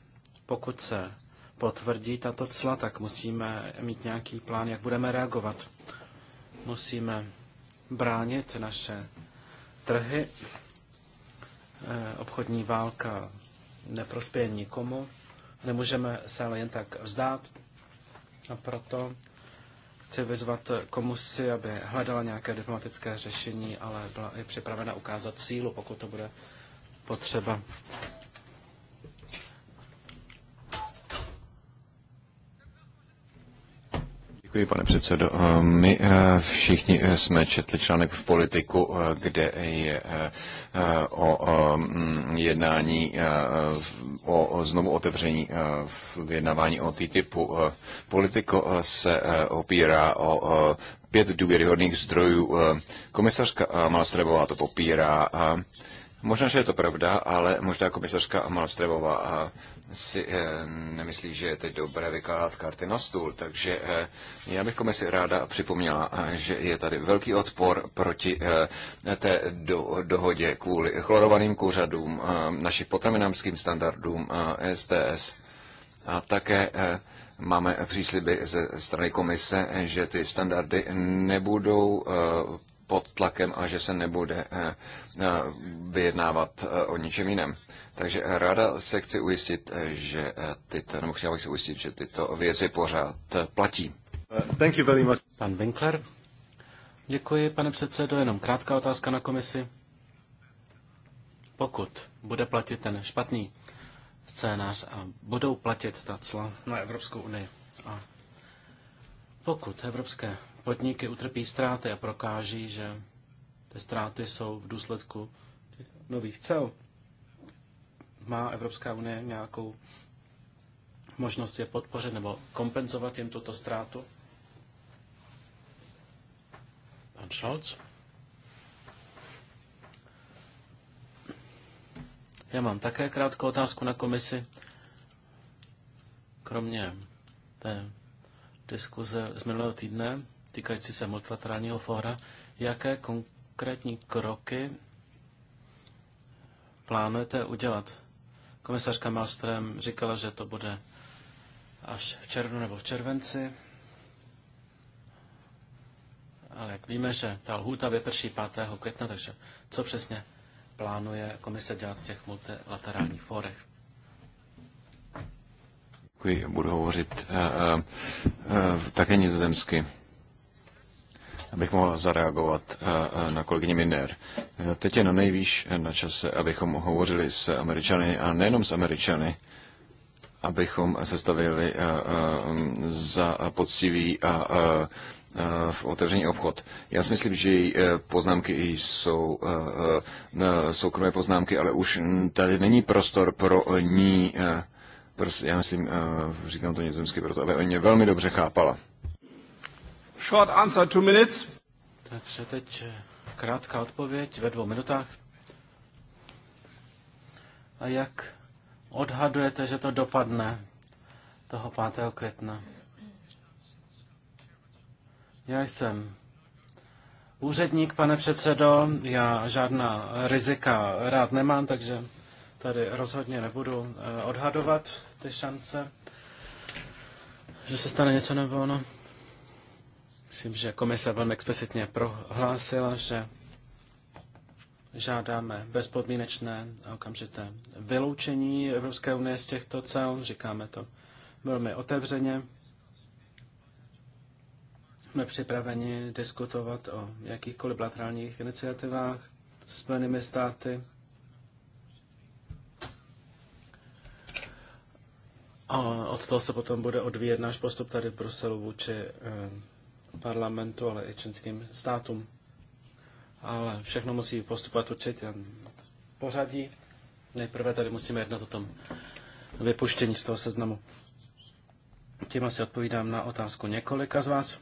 Pokud se potvrdí tato cla, tak musíme mít nějaký plán, jak budeme reagovat. Musíme bránit naše trhy. Eh, obchodní válka neprospěje nikomu. Nemůžeme se ale jen tak vzdát. A proto chci vyzvat komisi, aby hledala nějaké diplomatické řešení, ale byla i připravena ukázat sílu, pokud to bude potřeba. Děkuji, pane předsedo. Eh, my eh, všichni eh, jsme četli článek v politiku, kde je o mm, jednání o znovu otevření v vyjednávání o TTIPu. Politiko se opírá o pět důvěryhodných zdrojů. Komisařka Malstrebová to popírá. Možná, že je to pravda, ale možná komisařka Malostrevová eh, si eh, nemyslí, že je teď dobré vykládat karty na stůl, takže eh, já bych komisi ráda připomněla, že je tady velký odpor proti té do, dohodě kvůli chlorovaným kuřadům, našim potravinářským standardům STS a také máme přísliby ze strany komise, že ty standardy nebudou pod tlakem a že se nebude eh, eh, vyjednávat eh, o ničem jiném. Takže ráda se chci ujistit, že tyto, nebo chtěla bych se ujistit, že tyto věci pořád platí. Thank you very much. Pan Winkler. Děkuji, pane předsedo. Jenom krátká otázka na komisi. Pokud bude platit ten špatný scénář a budou platit ta cla na Evropskou unii a pokud evropské podniky utrpí ztráty a prokáží, že ty ztráty jsou v důsledku nových cel. Má Evropská unie nějakou možnost je podpořit nebo kompenzovat jim tuto ztrátu? Pan Scholz? Já mám také krátkou otázku na komisi. Kromě té diskuze z minulého týdne, týkající se multilaterálního fóra, jaké konkrétní kroky plánujete udělat? Komisařka Malström říkala, že to bude až v červnu nebo v červenci, ale jak víme, že ta lhůta vyprší 5. května, takže co přesně plánuje komise dělat v těch multilaterálních fórech? Děkuji, budu hovořit uh, uh, uh, také nizozemsky abych mohl zareagovat eh, eh, na kolegyni Miner. Eh, teď je na nejvýš na čase, abychom hovořili s Američany a nejenom s Američany, abychom se stavili za poctivý a v otevřený obchod. Já si myslím, že její poznámky jsou soukromé poznámky, ale už tady není prostor pro ní. Prostě já myslím, říkám to nizozemsky, proto aby o ně velmi dobře chápala. Short answer, two minutes. Takže teď eh, krátká odpověď ve dvou minutách. A jak odhadujete, že to dopadne toho 5. května? Já jsem úředník, pane předsedo, já žádná rizika rád nemám, takže tady rozhodně nebudu eh, odhadovat ty šance, že se stane něco nebo ono. Myslím, že komise velmi explicitně prohlásila, že žádáme bezpodmínečné a okamžité vyloučení Evropské unie z těchto cel. Říkáme to velmi otevřeně. Jsme připraveni diskutovat o jakýchkoliv bilaterálních iniciativách se Spojenými státy. A od toho se potom bude odvíjet náš postup tady v Bruselu vůči eh, parlamentu, ale i členským státům. Ale všechno musí postupovat určitě pořadí. Nejprve tady musíme jednat o tom vypuštění z toho seznamu. Tím asi odpovídám na otázku několika z vás.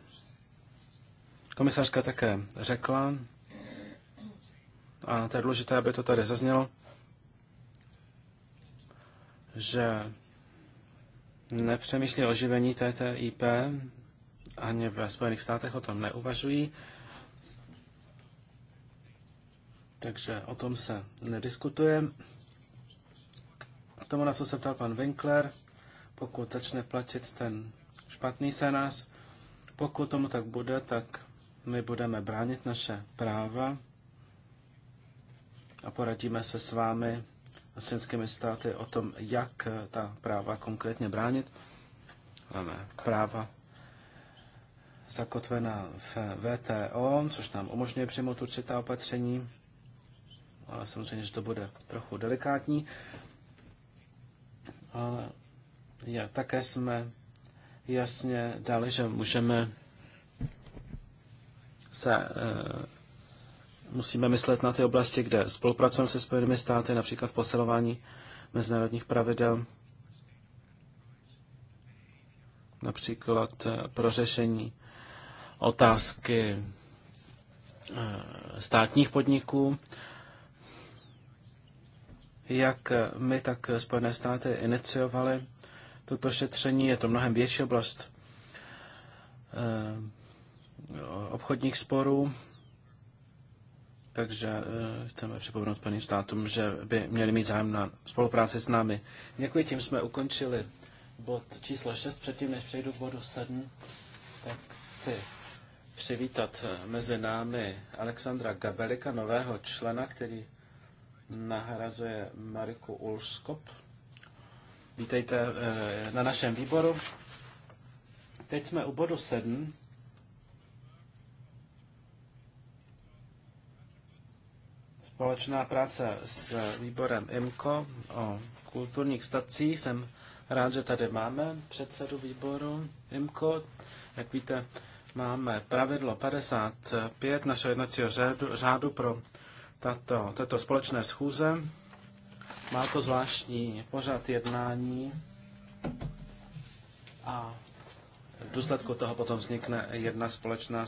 Komisařka také řekla, a to je důležité, aby to tady zaznělo, že nepřemýšlí oživení TTIP ani ve Spojených státech o tom neuvažují. Takže o tom se nediskutuje. K tomu, na co se ptal pan Winkler, pokud začne platit ten špatný senář, pokud tomu tak bude, tak my budeme bránit naše práva a poradíme se s vámi a s státy o tom, jak ta práva konkrétně bránit. Máme práva zakotvena v VTO, což nám umožňuje přijmout určitá opatření, ale samozřejmě, že to bude trochu delikátní. Ale je, také jsme jasně dali, že můžeme se e, musíme myslet na ty oblasti, kde spolupracujeme se Spojenými státy, například v posilování mezinárodních pravidel, například eh, pro řešení otázky eh, státních podniků. Jak my, tak Spojené státy iniciovali, toto šetření, je to mnohem větší oblast eh, obchodních sporů, takže eh, chceme připomenout Spojeným státům, že by měli mít zájem na spolupráci s námi. Děkuji, tím jsme ukončili bod číslo 6, předtím než přejdu k bodu 7, tak chci přivítat eh, mezi námi Alexandra Gabelika, nového člena, který nahrazuje Mariku Ulskop. Vítejte eh, na našem výboru. Teď jsme u bodu 7. Společná práce s výborem IMCO o kulturních stacích. Jsem rád, že tady máme předsedu výboru IMCO. Jak víte, máme pravidlo 55 našeho jednacího řádu, řádu pro tato, tato společné schůze. Má to zvláštní pořad jednání a v důsledku toho potom vznikne jedna společná